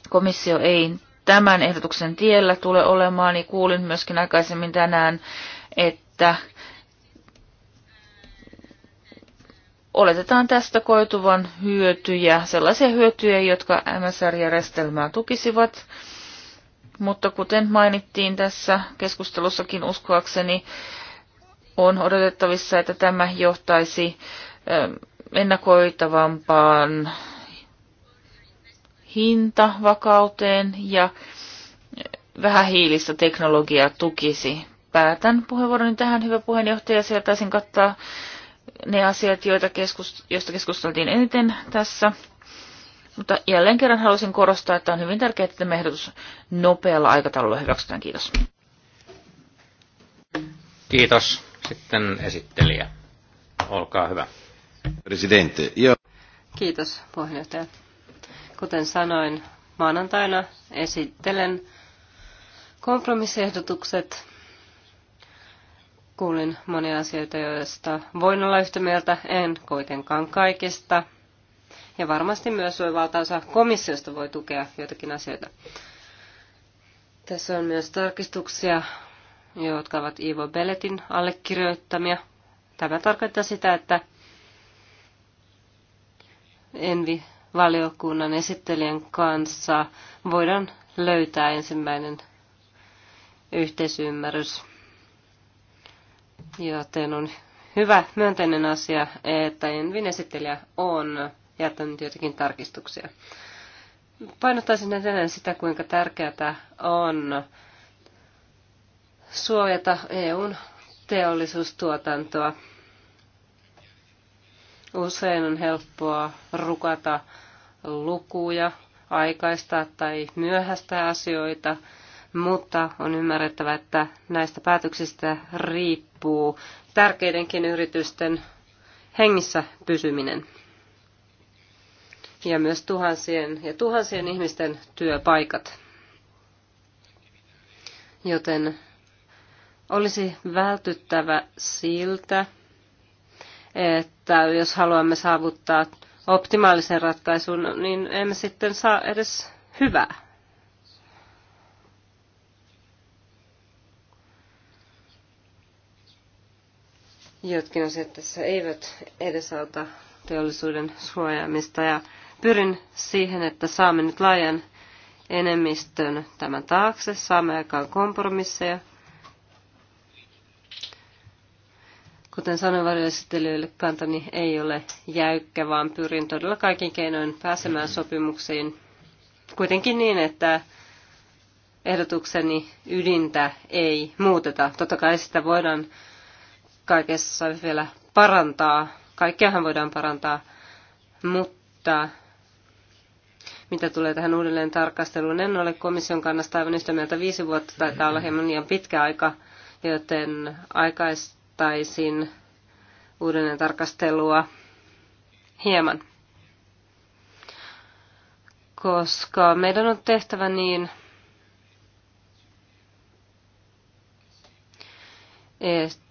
Komissio ei tämän ehdotuksen tiellä tule olemaan, niin kuulin myöskin aikaisemmin tänään, että oletetaan tästä koituvan hyötyjä, sellaisia hyötyjä, jotka MSR-järjestelmää tukisivat. Mutta kuten mainittiin tässä keskustelussakin uskoakseni, on odotettavissa, että tämä johtaisi ennakoitavampaan hintavakauteen ja vähähiilistä teknologiaa tukisi. Päätän puheenvuoroni tähän, hyvä puheenjohtaja, sieltä taisin kattaa ne asiat, joita keskust, joista keskusteltiin eniten tässä. Mutta jälleen kerran haluaisin korostaa, että on hyvin tärkeää, että tämä ehdotus nopealla aikataululla hyväksytään. Kiitos. Kiitos. Sitten esittelijä. Olkaa hyvä. Presidente, jo. Kiitos puheenjohtaja. Kuten sanoin, maanantaina esittelen kompromissehdotukset Kuulin monia asioita, joista voin olla yhtä mieltä, en kuitenkaan kaikista. Ja varmasti myös valtaosa komissiosta voi tukea joitakin asioita. Tässä on myös tarkistuksia, jotka ovat Ivo Belletin allekirjoittamia. Tämä tarkoittaa sitä, että Envi-valiokunnan esittelijän kanssa voidaan löytää ensimmäinen yhteisymmärrys. Joten on hyvä myönteinen asia, että Envin esittelijä on jättänyt jotakin tarkistuksia. Painottaisin edelleen sitä, kuinka tärkeää on suojata EUn teollisuustuotantoa. Usein on helppoa rukata lukuja, aikaistaa tai myöhäistää asioita – mutta on ymmärrettävä, että näistä päätöksistä riippuu tärkeidenkin yritysten hengissä pysyminen ja myös tuhansien ja tuhansien ihmisten työpaikat. Joten olisi vältyttävä siltä, että jos haluamme saavuttaa optimaalisen ratkaisun, niin emme sitten saa edes hyvää. Jotkin asiat tässä eivät edesauta teollisuuden suojaamista ja pyrin siihen, että saamme nyt laajan enemmistön tämän taakse, saamme aikaan kompromisseja. Kuten sanoin varjoesittelijöille, kantani ei ole jäykkä, vaan pyrin todella kaikin keinoin pääsemään sopimuksiin. Kuitenkin niin, että ehdotukseni ydintä ei muuteta. Totta kai sitä voidaan kaikessa vielä parantaa. Kaikkeahan voidaan parantaa, mutta mitä tulee tähän uudelleen tarkasteluun, en ole komission kannasta aivan yhtä mieltä. Viisi vuotta taitaa olla hieman liian pitkä aika, joten aikaistaisin uudelleen tarkastelua hieman. Koska meidän on tehtävä niin, että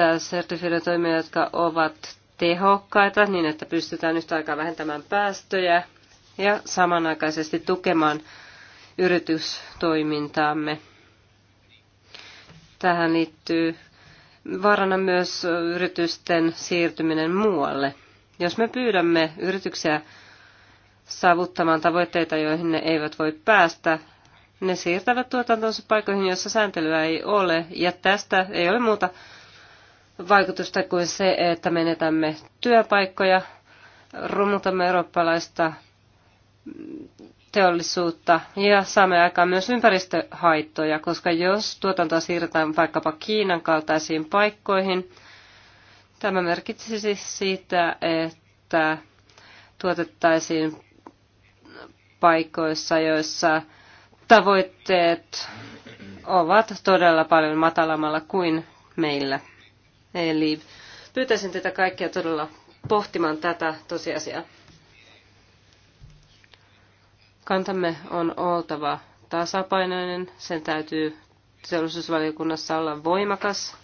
käyttää sertifioitoimia, jotka ovat tehokkaita niin, että pystytään yhtä aikaa vähentämään päästöjä ja samanaikaisesti tukemaan yritystoimintaamme. Tähän liittyy vaarana myös yritysten siirtyminen muualle. Jos me pyydämme yrityksiä saavuttamaan tavoitteita, joihin ne eivät voi päästä, ne siirtävät tuotantonsa paikoihin, joissa sääntelyä ei ole, ja tästä ei ole muuta vaikutusta kuin se, että menetämme työpaikkoja, rumutamme eurooppalaista teollisuutta ja saamme aikaan myös ympäristöhaittoja, koska jos tuotantoa siirretään vaikkapa Kiinan kaltaisiin paikkoihin, tämä merkitsisi sitä, että tuotettaisiin paikoissa, joissa tavoitteet ovat todella paljon matalammalla kuin meillä. Eli pyytäisin teitä kaikkia todella pohtimaan tätä tosiasiaa. Kantamme on oltava tasapainoinen, sen täytyy teollisuusvaliokunnassa olla voimakas.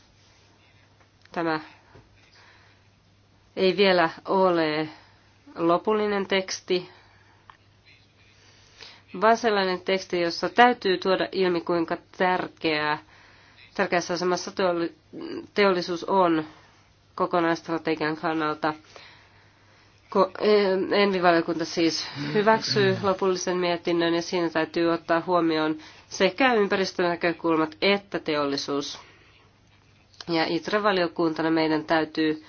Tämä ei vielä ole lopullinen teksti, vaan sellainen teksti, jossa täytyy tuoda ilmi, kuinka tärkeää tärkeässä asemassa teollisuus on kokonaisstrategian kannalta. E, Envivaliokunta siis hyväksyy lopullisen mietinnön ja siinä täytyy ottaa huomioon sekä ympäristönäkökulmat että teollisuus. Ja itre valiokuntana meidän täytyy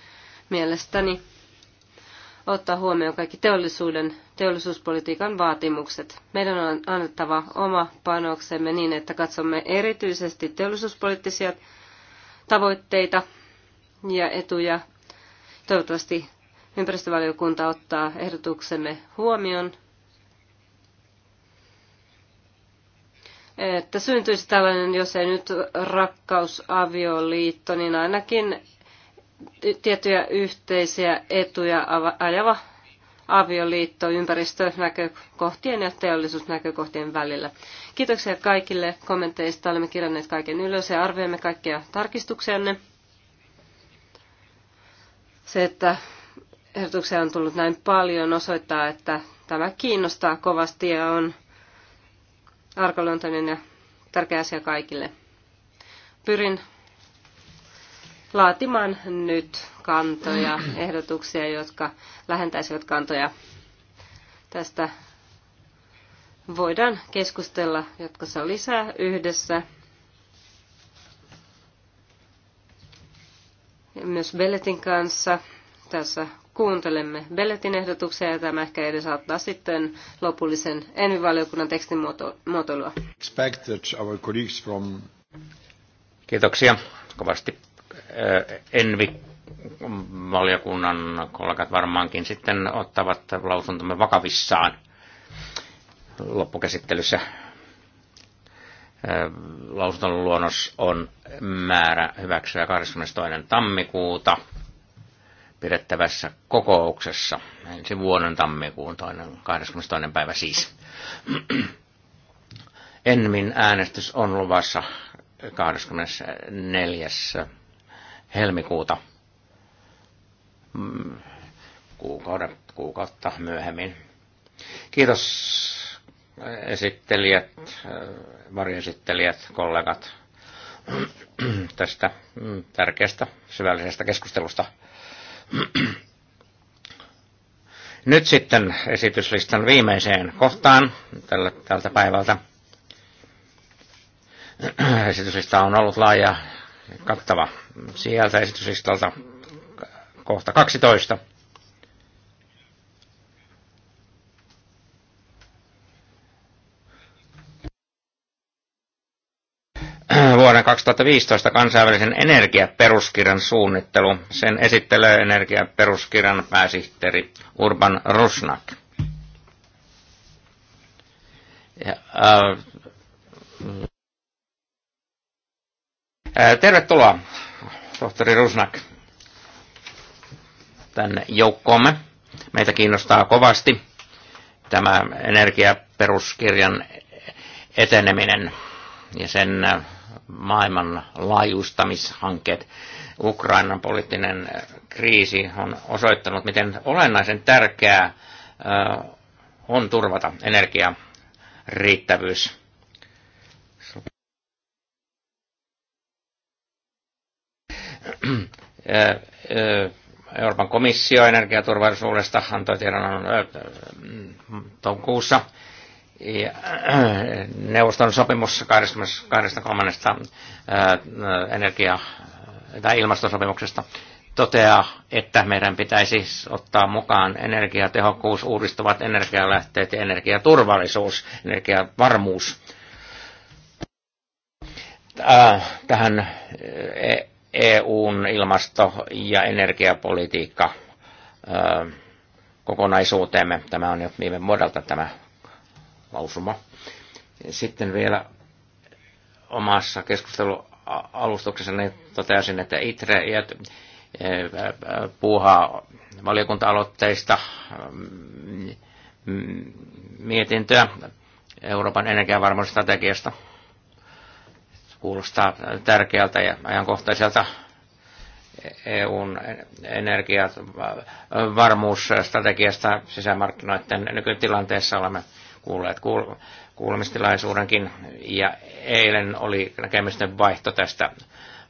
mielestäni ottaa huomioon kaikki teollisuuden teollisuuspolitiikan vaatimukset. Meidän on annettava oma panoksemme niin, että katsomme erityisesti teollisuuspoliittisia tavoitteita ja etuja. Toivottavasti ympäristövaliokunta ottaa ehdotuksemme huomioon, että syntyisi tällainen, jos ei nyt rakkausavioliitto, niin ainakin tiettyjä yhteisiä etuja ajava avioliitto ympäristönäkökohtien ja teollisuusnäkökohtien välillä. Kiitoksia kaikille kommenteista. Olemme kirjanneet kaiken ylös ja arvioimme kaikkia tarkistuksianne. Se, että ehdotuksia on tullut näin paljon, osoittaa, että tämä kiinnostaa kovasti ja on arkaluontoinen ja tärkeä asia kaikille. Pyrin laatimaan nyt kantoja, ehdotuksia, jotka lähentäisivät kantoja. Tästä voidaan keskustella jatkossa lisää yhdessä. Myös Belletin kanssa. Tässä kuuntelemme Belletin ehdotuksia ja tämä ehkä edesauttaa sitten lopullisen envivaliokunnan tekstin muotoilua. Kiitoksia kovasti Envi valiokunnan kollegat varmaankin sitten ottavat lausuntomme vakavissaan loppukäsittelyssä. Lausunnon luonnos on määrä hyväksyä 22. tammikuuta pidettävässä kokouksessa ensi vuoden tammikuun toinen, 22. päivä siis. Enmin äänestys on luvassa 24 helmikuuta mm, kuukauden, kuukautta myöhemmin. Kiitos äh, esittelijät, äh, varjoesittelijät, kollegat tästä mm, tärkeästä syvällisestä keskustelusta. Nyt sitten esityslistan viimeiseen kohtaan tällä, tältä päivältä. Esityslista on ollut laaja kattava sieltä esityslistalta kohta 12. Vuoden 2015 kansainvälisen energiaperuskirjan suunnittelu. Sen esittelee energiaperuskirjan pääsihteeri Urban Rusnak. Ja, äh, Tervetuloa, tohtori Rusnak, tänne joukkoomme. Meitä kiinnostaa kovasti tämä energiaperuskirjan eteneminen ja sen maailman laajustamishankkeet. Ukrainan poliittinen kriisi on osoittanut, miten olennaisen tärkeää on turvata energiariittävyys Euroopan komissio energiaturvallisuudesta antoi tiedon toukokuussa. Ja neuvoston sopimus 23. energia- tai ilmastosopimuksesta toteaa, että meidän pitäisi ottaa mukaan energiatehokkuus, uudistuvat energialähteet ja energiaturvallisuus, energiavarmuus tähän EUn ilmasto- ja energiapolitiikka kokonaisuuteemme. Tämä on jo viime vuodelta tämä lausuma. Sitten vielä omassa keskustelualustuksessani toteasin, että ITRE puuhaa valiokunta-aloitteista mm, mm, mietintöä Euroopan energiavarmuusstrategiasta – kuulostaa tärkeältä ja ajankohtaiselta EUn energiavarmuusstrategiasta sisämarkkinoiden nykytilanteessa olemme kuulleet kuul- kuulemistilaisuudenkin. Ja eilen oli näkemysten vaihto tästä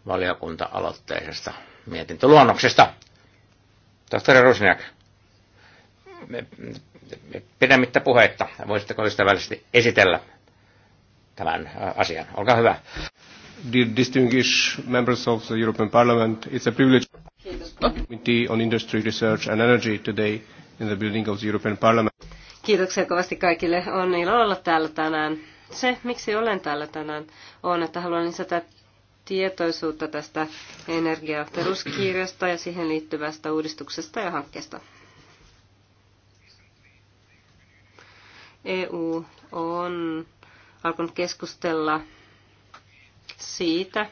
valiokunta-aloitteisesta mietintöluonnoksesta. Tohtori Rusniak, pidemmittä puheitta, voisitteko ystävällisesti esitellä tämän asian. Olkaa hyvä. Dear distinguished members of the European Parliament, it's a privilege Committee on Industry, Research and Energy today in the building of the European Parliament. Kiitoksia kovasti kaikille. On ilo olla täällä tänään. Se, miksi olen täällä tänään, on, että haluan lisätä tietoisuutta tästä energiaperuskirjasta ja siihen liittyvästä uudistuksesta ja hankkeesta. EU on alkanut keskustella siitä,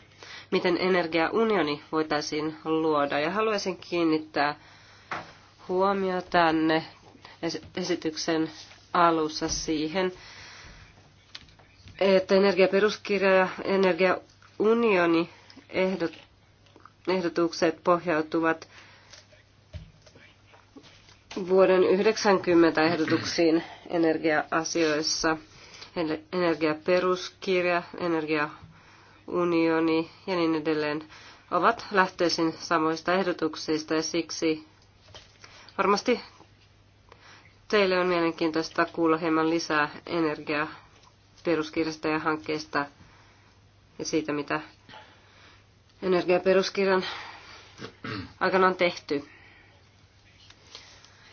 miten energiaunioni voitaisiin luoda. Ja haluaisin kiinnittää huomiota tänne esityksen alussa siihen, että energiaperuskirja ja energiaunioni ehdot, ehdotukset pohjautuvat vuoden 90 ehdotuksiin energiaasioissa. – energiaperuskirja, energiaunioni ja niin edelleen ovat lähtöisin samoista ehdotuksista ja siksi varmasti teille on mielenkiintoista kuulla hieman lisää energiaperuskirjasta ja hankkeista ja siitä, mitä energiaperuskirjan aikana on tehty.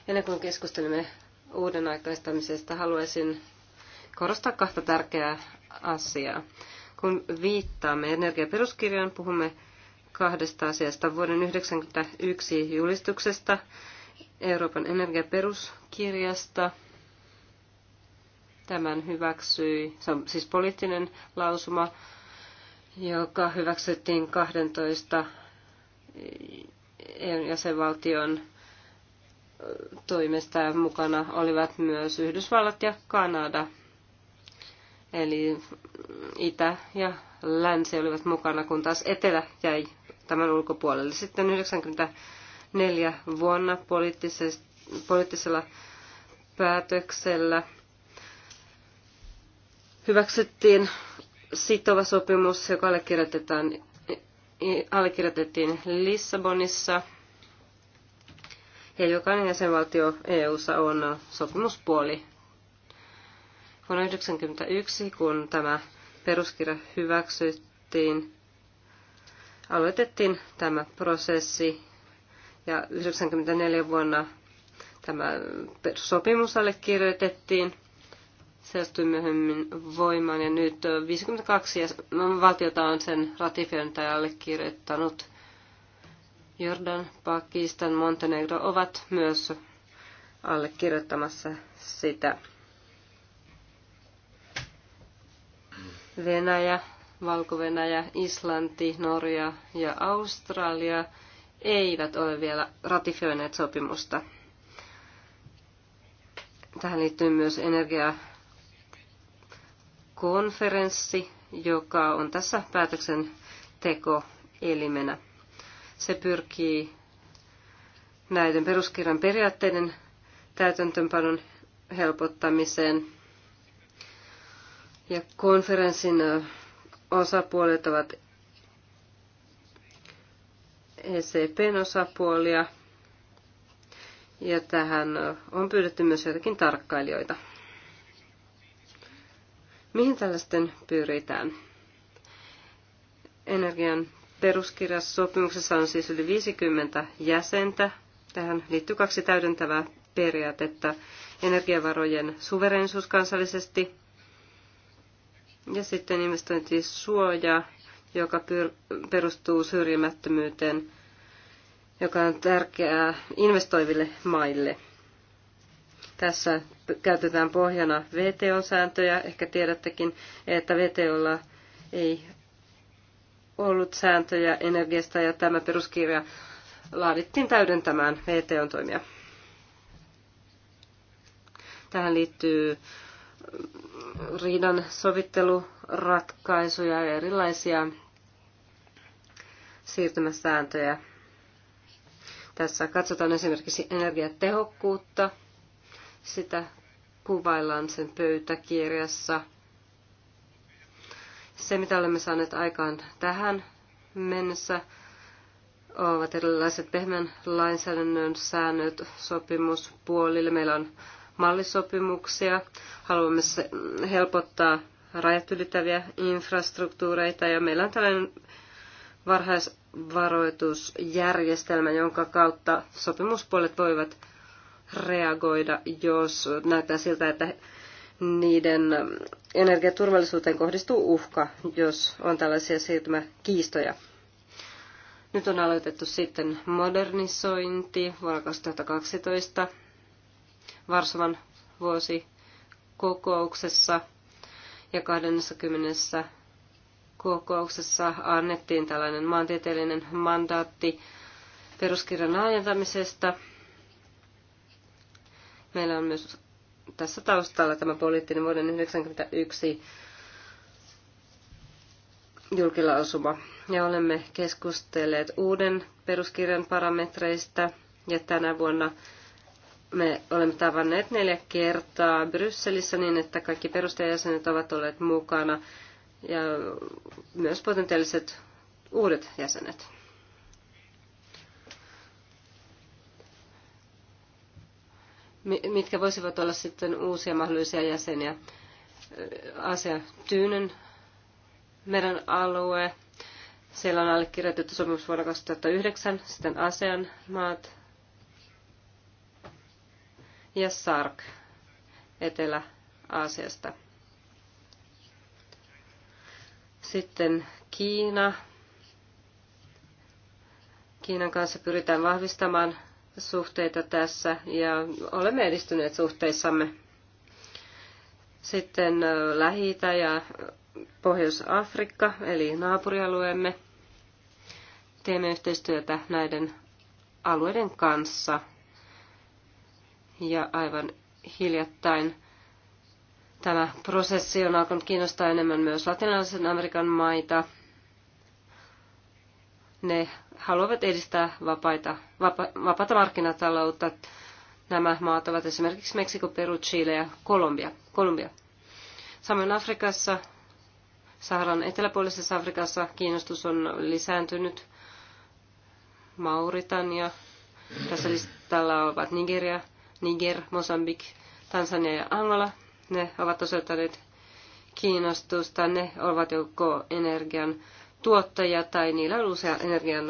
Ennen kuin keskustelemme uuden aikaistamisesta, haluaisin korostaa kahta tärkeää asiaa. Kun viittaamme energiaperuskirjaan, puhumme kahdesta asiasta. Vuoden 1991 julistuksesta, Euroopan energiaperuskirjasta. Tämän hyväksyi, se on siis poliittinen lausuma, joka hyväksyttiin 12 jäsenvaltion toimesta. Mukana olivat myös Yhdysvallat ja Kanada – Eli Itä ja Länsi olivat mukana, kun taas Etelä jäi tämän ulkopuolelle. Sitten 1994 vuonna poliittisella päätöksellä hyväksyttiin sitova sopimus, joka allekirjoitetaan, allekirjoitettiin Lissabonissa. Ja jokainen jäsenvaltio EU:ssa on sopimuspuoli Vuonna 1991, kun tämä peruskirja hyväksyttiin, aloitettiin tämä prosessi ja 1994 vuonna tämä sopimus allekirjoitettiin. Se astui myöhemmin voimaan ja nyt 52 no, valtiota on sen ratifioinut ja allekirjoittanut. Jordan, Pakistan, Montenegro ovat myös allekirjoittamassa sitä. Venäjä, Valko-Venäjä, Islanti, Norja ja Australia eivät ole vielä ratifioineet sopimusta. Tähän liittyy myös energiakonferenssi, joka on tässä päätöksen tekoelimenä. Se pyrkii näiden peruskirjan periaatteiden täytäntöönpanon helpottamiseen – ja konferenssin osapuolet ovat ECPn osapuolia. Ja tähän on pyydetty myös joitakin tarkkailijoita. Mihin tällaisten pyritään? Energian peruskirjassopimuksessa on siis yli 50 jäsentä. Tähän liittyy kaksi täydentävää periaatetta. Energiavarojen suvereenisuus kansallisesti ja sitten investointisuoja, joka perustuu syrjimättömyyteen, joka on tärkeää investoiville maille. Tässä käytetään pohjana VTO-sääntöjä. Ehkä tiedättekin, että VTOlla ei ollut sääntöjä energiasta ja tämä peruskirja laadittiin täydentämään VTOn toimia. Tähän liittyy riidan sovitteluratkaisuja ja erilaisia siirtymäsääntöjä. Tässä katsotaan esimerkiksi energiatehokkuutta. Sitä kuvaillaan sen pöytäkirjassa. Se, mitä olemme saaneet aikaan tähän mennessä, ovat erilaiset pehmeän lainsäädännön säännöt sopimuspuolille. Meillä on mallisopimuksia. Haluamme helpottaa rajat ylittäviä infrastruktuureita ja meillä on tällainen varhaisvaroitusjärjestelmä, jonka kautta sopimuspuolet voivat reagoida, jos näyttää siltä, että niiden energiaturvallisuuteen kohdistuu uhka, jos on tällaisia siirtymäkiistoja. Nyt on aloitettu sitten modernisointi vuonna 2012 Varsovan vuosikokouksessa ja 20 kokouksessa annettiin tällainen maantieteellinen mandaatti peruskirjan laajentamisesta. Meillä on myös tässä taustalla tämä poliittinen vuoden 1991 julkilausuma. Ja olemme keskustelleet uuden peruskirjan parametreista ja tänä vuonna me olemme tavanneet neljä kertaa Brysselissä niin, että kaikki perustajajäsenet ovat olleet mukana ja myös potentiaaliset uudet jäsenet. Mitkä voisivat olla sitten uusia mahdollisia jäseniä? Asia Tyynen, meidän alue. Siellä on allekirjoitettu sopimus vuonna 2009, sitten ASEAN maat, ja SARK Etelä-Aasiasta. Sitten Kiina. Kiinan kanssa pyritään vahvistamaan suhteita tässä ja olemme edistyneet suhteissamme. Sitten lähi ja Pohjois-Afrikka, eli naapurialueemme. Teemme yhteistyötä näiden alueiden kanssa – ja aivan hiljattain tämä prosessi on alkanut kiinnostaa enemmän myös latinalaisen Amerikan maita. Ne haluavat edistää vapaita, vapa, vapaata markkinataloutta. Nämä maat ovat esimerkiksi Meksiko, Peru, Chile ja Kolumbia. Kolumbia. Samoin Afrikassa, Saharan eteläpuolisessa Afrikassa kiinnostus on lisääntynyt. Mauritania, tässä listalla ovat Nigeria, Niger, Mosambik, Tansania ja Angola, ne ovat osoittaneet kiinnostusta. Ne ovat joko energian tuottajia tai niillä on usea energian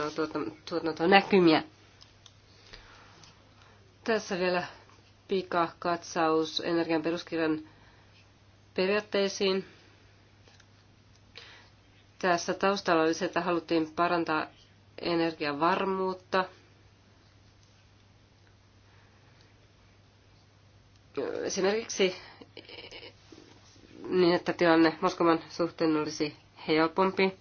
tuotantonäkymiä. Tässä vielä katsaus energian peruskirjan periaatteisiin. Tässä taustalla oli se, että haluttiin parantaa energiavarmuutta esimerkiksi niin, että tilanne Moskovan suhteen olisi helpompi.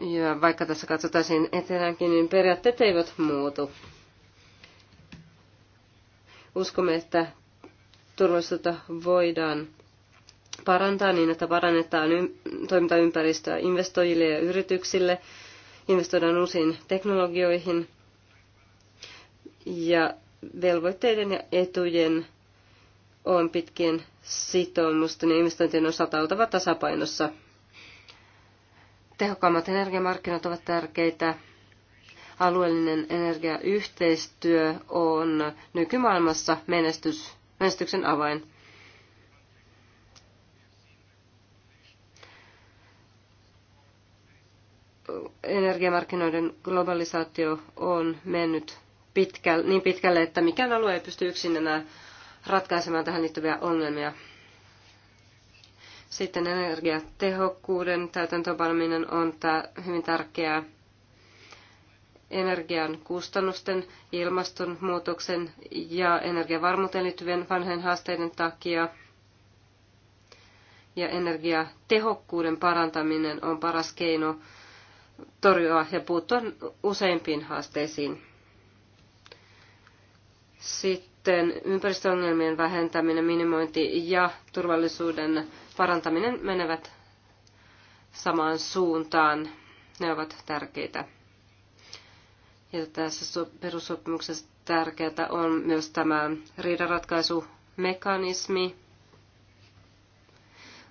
Ja vaikka tässä katsotaan eteenkin niin periaatteet eivät muutu. Uskomme, että turvallisuutta voidaan parantaa niin, että parannetaan toimintaympäristöä investoijille ja yrityksille, investoidaan uusiin teknologioihin ja velvoitteiden ja etujen on pitkien sitoumusten ja investointien osalta oltava tasapainossa. Tehokkaammat energiamarkkinat ovat tärkeitä. Alueellinen energiayhteistyö on nykymaailmassa menestys, menestyksen avain. Energiamarkkinoiden globalisaatio on mennyt pitkälle, niin pitkälle, että mikään alue ei pysty yksin enää ratkaisemaan tähän liittyviä ongelmia. Sitten energiatehokkuuden täytäntöönpaneminen on tämä hyvin tärkeää. Energian kustannusten, ilmastonmuutoksen ja energiavarmuuteen liittyvien vanhojen haasteiden takia ja energiatehokkuuden parantaminen on paras keino torjua ja puuttua useimpiin haasteisiin. Sitten ympäristöongelmien vähentäminen, minimointi ja turvallisuuden parantaminen menevät samaan suuntaan. Ne ovat tärkeitä. Ja tässä perussopimuksessa tärkeää on myös tämä riidanratkaisumekanismi.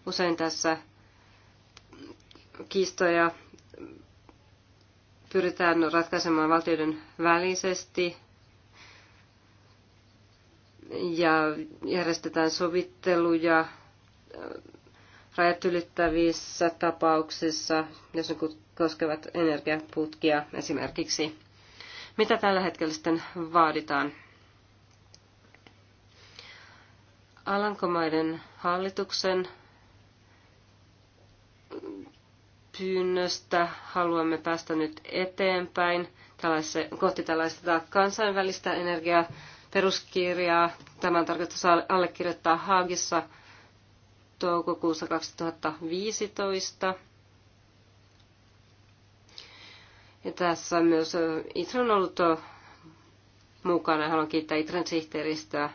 Usein tässä kiistoja pyritään ratkaisemaan valtioiden välisesti ja järjestetään sovitteluja äh, rajat ylittävissä tapauksissa, jos ne koskevat energiaputkia esimerkiksi. Mitä tällä hetkellä sitten vaaditaan? Alankomaiden hallituksen pyynnöstä haluamme päästä nyt eteenpäin tällaise, kohti tällaista kansainvälistä energiaa peruskirjaa. Tämä on tarkoitus allekirjoittaa Haagissa toukokuussa 2015. Ja tässä myös Itra on ollut mukana. Haluan kiittää Itran sihteeristöä.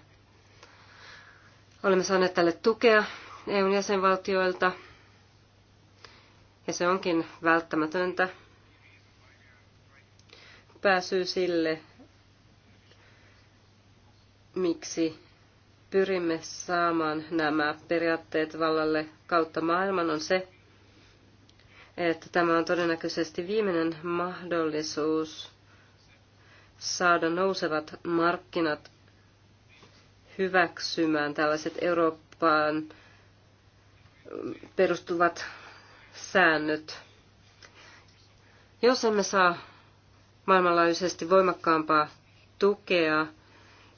Olemme saaneet tälle tukea EUn jäsenvaltioilta. Ja se onkin välttämätöntä pääsyy sille, miksi pyrimme saamaan nämä periaatteet vallalle kautta maailman, on se, että tämä on todennäköisesti viimeinen mahdollisuus saada nousevat markkinat hyväksymään tällaiset Eurooppaan perustuvat säännöt. Jos emme saa maailmanlaajuisesti voimakkaampaa tukea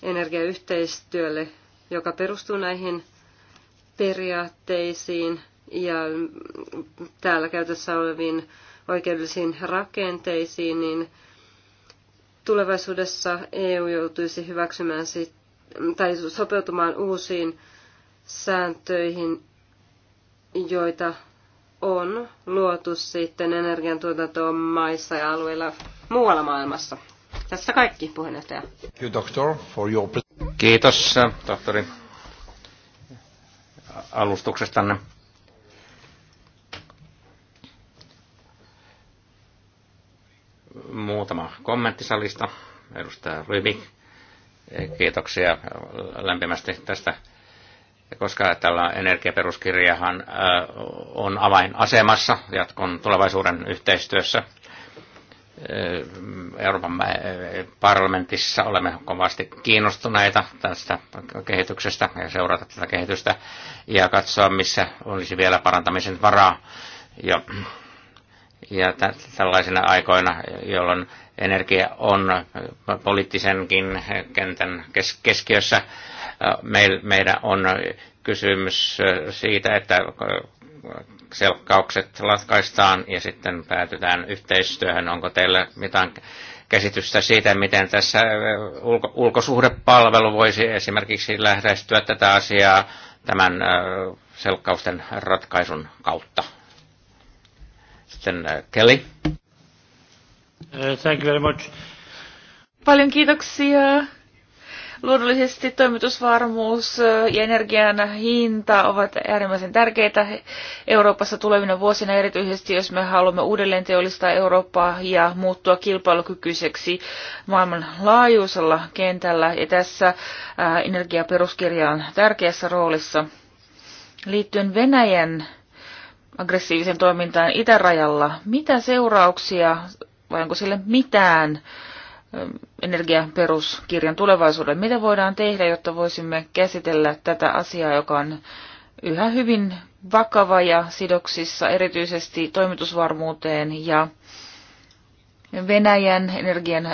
energiayhteistyölle, joka perustuu näihin periaatteisiin ja täällä käytössä oleviin oikeudellisiin rakenteisiin, niin tulevaisuudessa EU joutuisi hyväksymään sit, tai sopeutumaan uusiin sääntöihin, joita on luotu sitten energiantuotantoon maissa ja alueilla muualla maailmassa. Tässä kaikki, puheenjohtaja. Kiitos, tohtori, alustuksestanne. Muutama kommentti salista. Edustaja Rybik, kiitoksia lämpimästi tästä koska tällä energiaperuskirjahan äh, on avainasemassa jatkon tulevaisuuden yhteistyössä Euroopan parlamentissa olemme kovasti kiinnostuneita tästä kehityksestä ja seurata tätä kehitystä ja katsoa, missä olisi vielä parantamisen varaa. Ja, ja tällaisina aikoina, jolloin energia on poliittisenkin kentän kes- keskiössä, meillä meidän on kysymys siitä, että selkkaukset latkaistaan ja sitten päätytään yhteistyöhön. Onko teillä mitään käsitystä siitä, miten tässä ulko- ulkosuhdepalvelu voisi esimerkiksi lähestyä tätä asiaa tämän selkkausten ratkaisun kautta? Sitten Kelly. Uh, thank you very much. Paljon kiitoksia. Luonnollisesti toimitusvarmuus ja energian hinta ovat äärimmäisen tärkeitä Euroopassa tulevina vuosina, erityisesti jos me haluamme uudelleen teollistaa Eurooppaa ja muuttua kilpailukykyiseksi maailmanlaajuisella kentällä. Ja tässä energiaperuskirja on tärkeässä roolissa. Liittyen Venäjän aggressiivisen toimintaan itärajalla, mitä seurauksia vai onko sille mitään energiaperuskirjan tulevaisuuden. Mitä voidaan tehdä, jotta voisimme käsitellä tätä asiaa, joka on yhä hyvin vakava ja sidoksissa erityisesti toimitusvarmuuteen ja Venäjän energian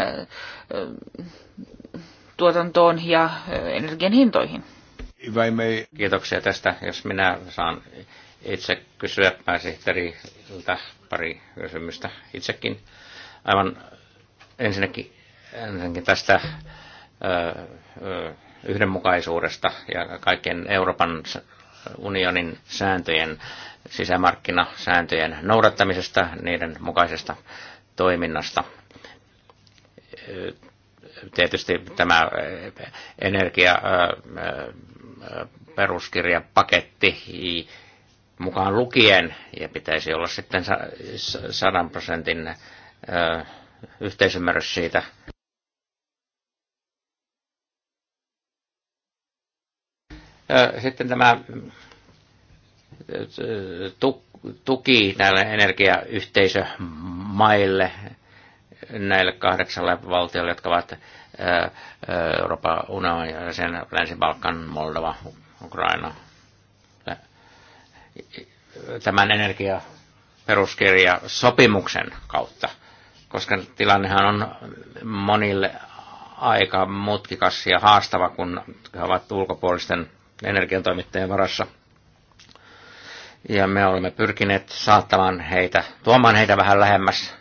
tuotantoon ja energian hintoihin. Kiitoksia tästä, jos minä saan itse kysyä pääsihteeriltä pari kysymystä itsekin. Aivan ensinnäkin ensinnäkin tästä yhdenmukaisuudesta ja kaiken Euroopan unionin sääntöjen, sisämarkkinasääntöjen noudattamisesta, niiden mukaisesta toiminnasta. Tietysti tämä energia peruskirjapaketti mukaan lukien, ja pitäisi olla sitten sadan prosentin yhteisymmärrys siitä, Sitten tämä tuki näille energiayhteisömaille, näille kahdeksalle valtiolle, jotka ovat Euroopan unionin ja sen Länsi-Balkan, Moldova, Ukraina. Tämän energiaperuskirja sopimuksen kautta, koska tilannehan on monille aika mutkikas ja haastava, kun he ovat ulkopuolisten energiantoimittajien varassa. Ja me olemme pyrkineet saattamaan heitä, tuomaan heitä vähän lähemmäs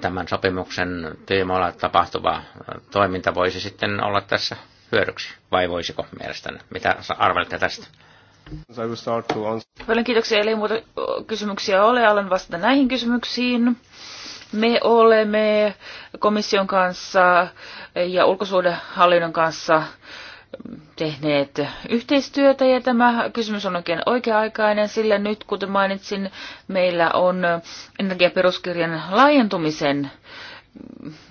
tämän sopimuksen tiimoilla tapahtuva toiminta voisi sitten olla tässä hyödyksi, vai voisiko mielestäni? Mitä arvelette tästä? Paljon kiitoksia, eli muuta kysymyksiä ole. Alan vastata näihin kysymyksiin. Me olemme komission kanssa ja hallinnon kanssa tehneet yhteistyötä ja tämä kysymys on oikein oikea-aikainen, sillä nyt kuten mainitsin, meillä on energiaperuskirjan laajentumisen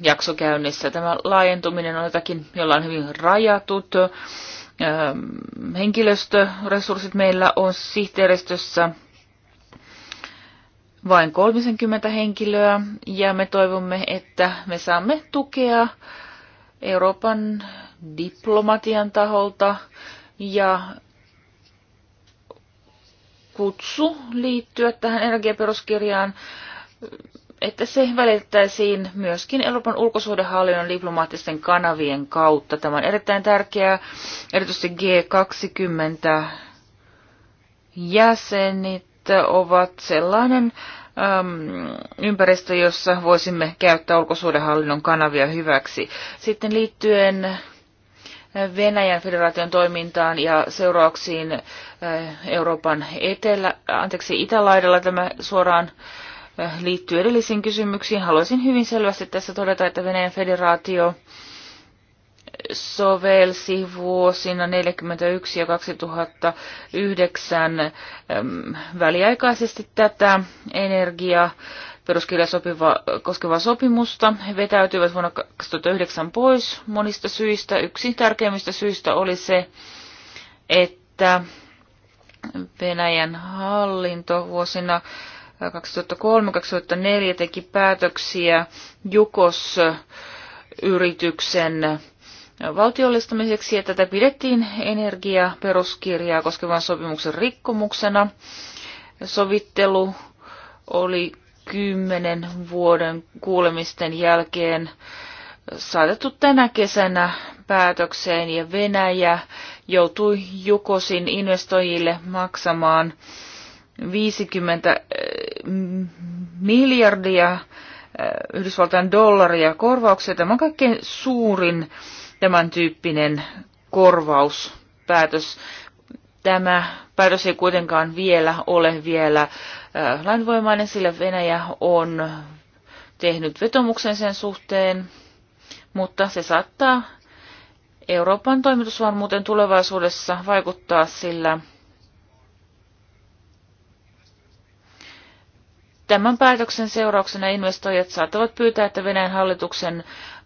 jakso käynnissä. Tämä laajentuminen on jotakin, jolla on hyvin rajatut ähm, henkilöstöresurssit. Meillä on sihteeristössä vain 30 henkilöä ja me toivomme, että me saamme tukea Euroopan diplomatian taholta ja kutsu liittyä tähän energiaperuskirjaan, että se välitettäisiin myöskin Euroopan ulkosuhdehallinnon diplomaattisten kanavien kautta. Tämä on erittäin tärkeää, erityisesti G20 jäsenit ovat sellainen äm, ympäristö, jossa voisimme käyttää ulkosuhdehallinnon kanavia hyväksi. Sitten liittyen Venäjän federaation toimintaan ja seurauksiin eh, Euroopan etelä, anteeksi, itälaidalla tämä suoraan eh, liittyy edellisiin kysymyksiin. Haluaisin hyvin selvästi tässä todeta, että Venäjän federaatio sovelsi vuosina 1941 ja 2009 väliaikaisesti tätä energiaa peruskirja sopiva, koskevaa sopimusta. He vetäytyivät vuonna 2009 pois monista syistä. Yksi tärkeimmistä syistä oli se, että Venäjän hallinto vuosina 2003-2004 teki päätöksiä Jukos-yrityksen valtiollistamiseksi, että tätä pidettiin energiaperuskirjaa koskevan sopimuksen rikkomuksena. Sovittelu oli kymmenen vuoden kuulemisten jälkeen saatettu tänä kesänä päätökseen ja Venäjä joutui Jukosin investoijille maksamaan 50 eh, miljardia eh, Yhdysvaltain dollaria korvauksia. Tämä on kaikkein suurin tämän tyyppinen korvauspäätös. Tämä päätös ei kuitenkaan vielä ole vielä lainvoimainen, sillä Venäjä on tehnyt vetomuksen sen suhteen, mutta se saattaa Euroopan toimitusvarmuuteen tulevaisuudessa vaikuttaa, sillä Tämän päätöksen seurauksena investoijat saattavat pyytää, että Venäjän hallituksen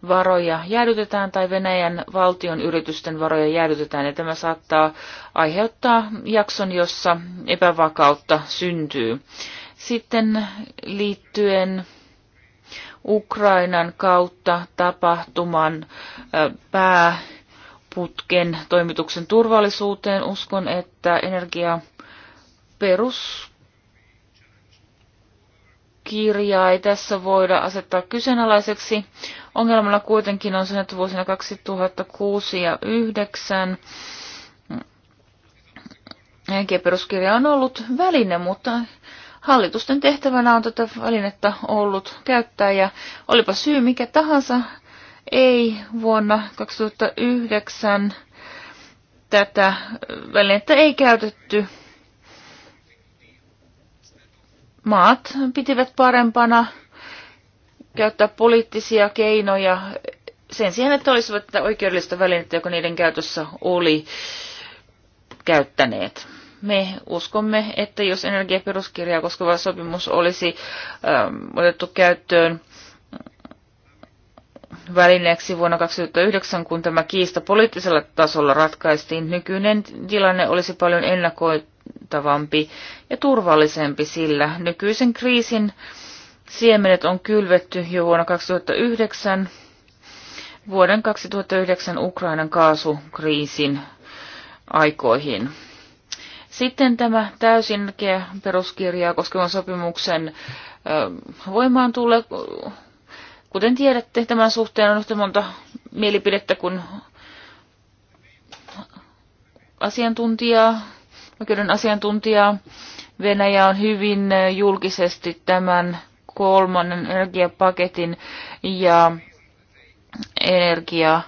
varoja jäädytetään tai Venäjän valtion yritysten varoja jäädytetään, ja tämä saattaa aiheuttaa jakson, jossa epävakautta syntyy. Sitten liittyen Ukrainan kautta tapahtuman pääputken toimituksen turvallisuuteen, uskon, että energia perus kirjaa ei tässä voida asettaa kyseenalaiseksi. Ongelmana kuitenkin on se, että vuosina 2006 ja 2009 henkiperuskirja on ollut väline, mutta hallitusten tehtävänä on tätä välinettä ollut käyttää ja olipa syy mikä tahansa, ei vuonna 2009 tätä välinettä ei käytetty maat pitivät parempana käyttää poliittisia keinoja sen sijaan, että olisivat tätä oikeudellista välinettä, joka niiden käytössä oli käyttäneet. Me uskomme, että jos energiaperuskirjaa koskeva sopimus olisi ähm, otettu käyttöön välineeksi vuonna 2009, kun tämä kiista poliittisella tasolla ratkaistiin, nykyinen tilanne olisi paljon ennakoitu luotettavampi ja turvallisempi, sillä nykyisen kriisin siemenet on kylvetty jo vuonna 2009 vuoden 2009 Ukrainan kaasukriisin aikoihin. Sitten tämä täysinkeä peruskirjaa koskevan sopimuksen voimaan tulee, kuten tiedätte, tämän suhteen on yhtä monta mielipidettä kuin asiantuntijaa oikeuden asiantuntijaa. Venäjä on hyvin julkisesti tämän kolmannen energiapaketin ja energia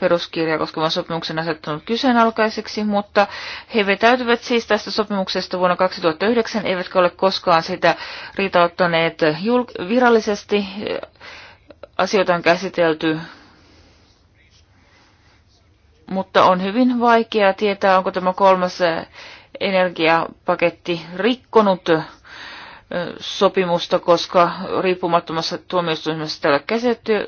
peruskirja koskevan sopimuksen asettanut kyseenalkaiseksi, mutta he vetäytyvät siis tästä sopimuksesta vuonna 2009, eivätkä ole koskaan sitä riitauttaneet julk- virallisesti. Asioita on käsitelty, mutta on hyvin vaikea tietää, onko tämä kolmas energiapaketti rikkonut sopimusta, koska riippumattomassa tuomioistuimessa tällä käsitetty,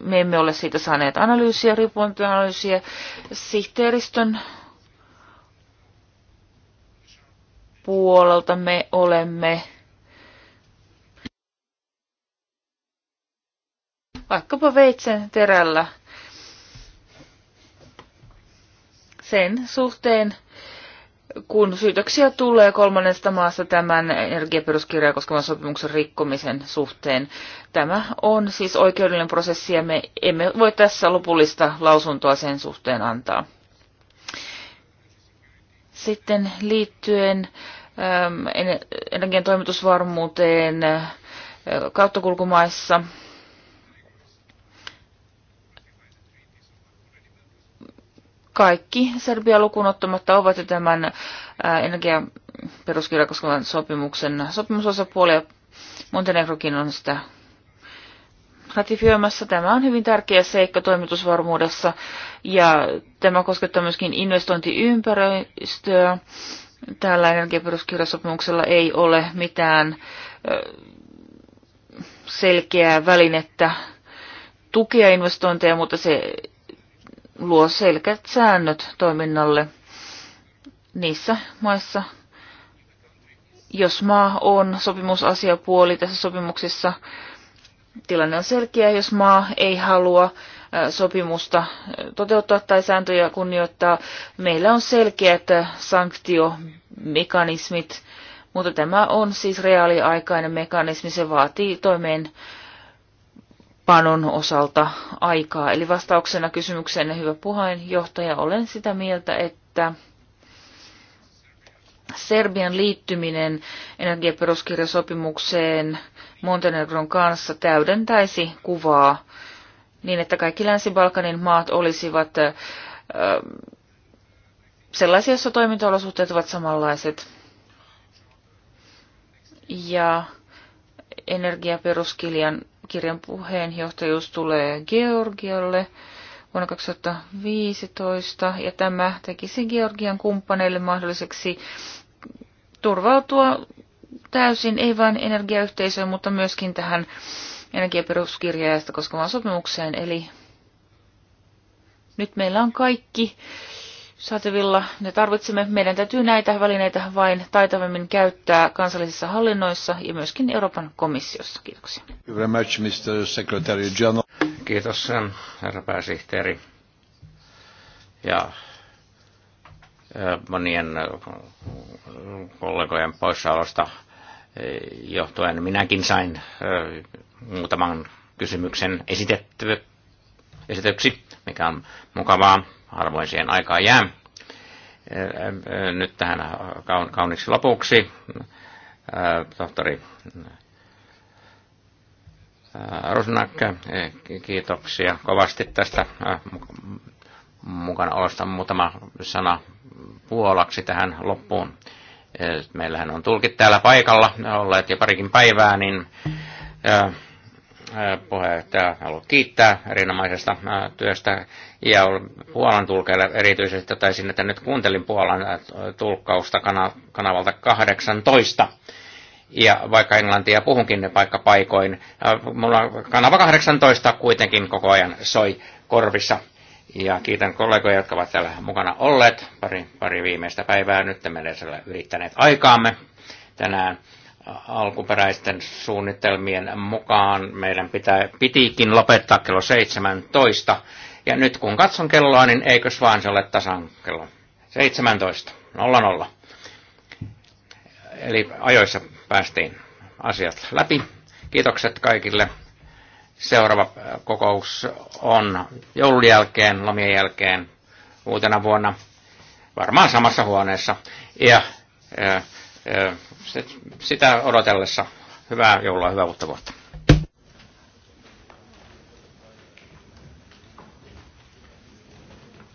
me emme ole siitä saaneet analyysiä, riippumattomia analyysiä. Sihteeristön puolelta me olemme vaikkapa veitsen terällä sen suhteen, kun syytöksiä tulee kolmannesta maasta tämän energiaperuskirjaa koskevan sopimuksen rikkomisen suhteen. Tämä on siis oikeudellinen prosessi ja me emme voi tässä lopullista lausuntoa sen suhteen antaa. Sitten liittyen ähm, energian toimitusvarmuuteen äh, kauttakulkumaissa. kaikki Serbia lukuun ottamatta ovat jo tämän energiaperuskirja koskevan sopimuksen sopimusosapuoli ja Montenegrokin on sitä ratifioimassa. Tämä on hyvin tärkeä seikka toimitusvarmuudessa ja tämä koskettaa myöskin investointiympäristöä. Tällä energiaperuskirjasopimuksella ei ole mitään selkeää välinettä tukea investointeja, mutta se luo selkeät säännöt toiminnalle niissä maissa, jos maa on sopimusasiapuoli tässä sopimuksessa, tilanne on selkeä, jos maa ei halua sopimusta toteuttaa tai sääntöjä kunnioittaa. Meillä on selkeät sanktiomekanismit, mutta tämä on siis reaaliaikainen mekanismi. Se vaatii toimeen panon osalta aikaa. Eli vastauksena kysymykseenne, hyvä puheenjohtaja, olen sitä mieltä, että Serbian liittyminen energiaperuskirjasopimukseen Montenegron kanssa täydentäisi kuvaa niin, että kaikki Länsi-Balkanin maat olisivat sellaisia, joissa toimintaolosuhteet ovat samanlaiset. Ja energiaperuskirjan kirjan puheenjohtajuus tulee Georgialle vuonna 2015, ja tämä tekisi Georgian kumppaneille mahdolliseksi turvautua täysin, ei vain energiayhteisöön, mutta myöskin tähän energiaperuskirjaajasta koskevaan sopimukseen. Eli nyt meillä on kaikki saatavilla. Ne tarvitsemme. Meidän täytyy näitä välineitä vain taitavammin käyttää kansallisissa hallinnoissa ja myöskin Euroopan komissiossa. Kiitoksia. Kiitos, herra pääsihteeri. Ja monien kollegojen poissaolosta johtuen minäkin sain muutaman kysymyksen esitetty, esitetyksi, mikä on mukavaa harvoin siihen aikaa jää. Nyt tähän kauniksi lopuksi tohtori Rusnak, e, kiitoksia kovasti tästä mukana olosta. Muutama sana puolaksi tähän loppuun. E, meillähän on tulkit täällä paikalla olleet jo parikin päivää, niin puheenjohtaja haluan kiittää erinomaisesta työstä ja Puolan tulkeille erityisesti, taisin, että nyt kuuntelin Puolan tulkkausta kanavalta 18. Ja vaikka englantia puhunkin paikka paikoin, mulla kanava 18 kuitenkin koko ajan soi korvissa. Ja kiitän kollegoja, jotka ovat täällä mukana olleet. Pari, pari viimeistä päivää nyt me yrittäneet aikaamme tänään alkuperäisten suunnitelmien mukaan meidän pitää, pitiikin lopettaa kello 17. Ja nyt kun katson kelloa, niin eikös vaan se ole tasan kello 17.00. Eli ajoissa päästiin asiat läpi. Kiitokset kaikille. Seuraava kokous on joulun jälkeen, lomien jälkeen, uutena vuonna, varmaan samassa huoneessa. Ja, ja sitä odotellessa hyvää joulua, hyvää uutta vuotta.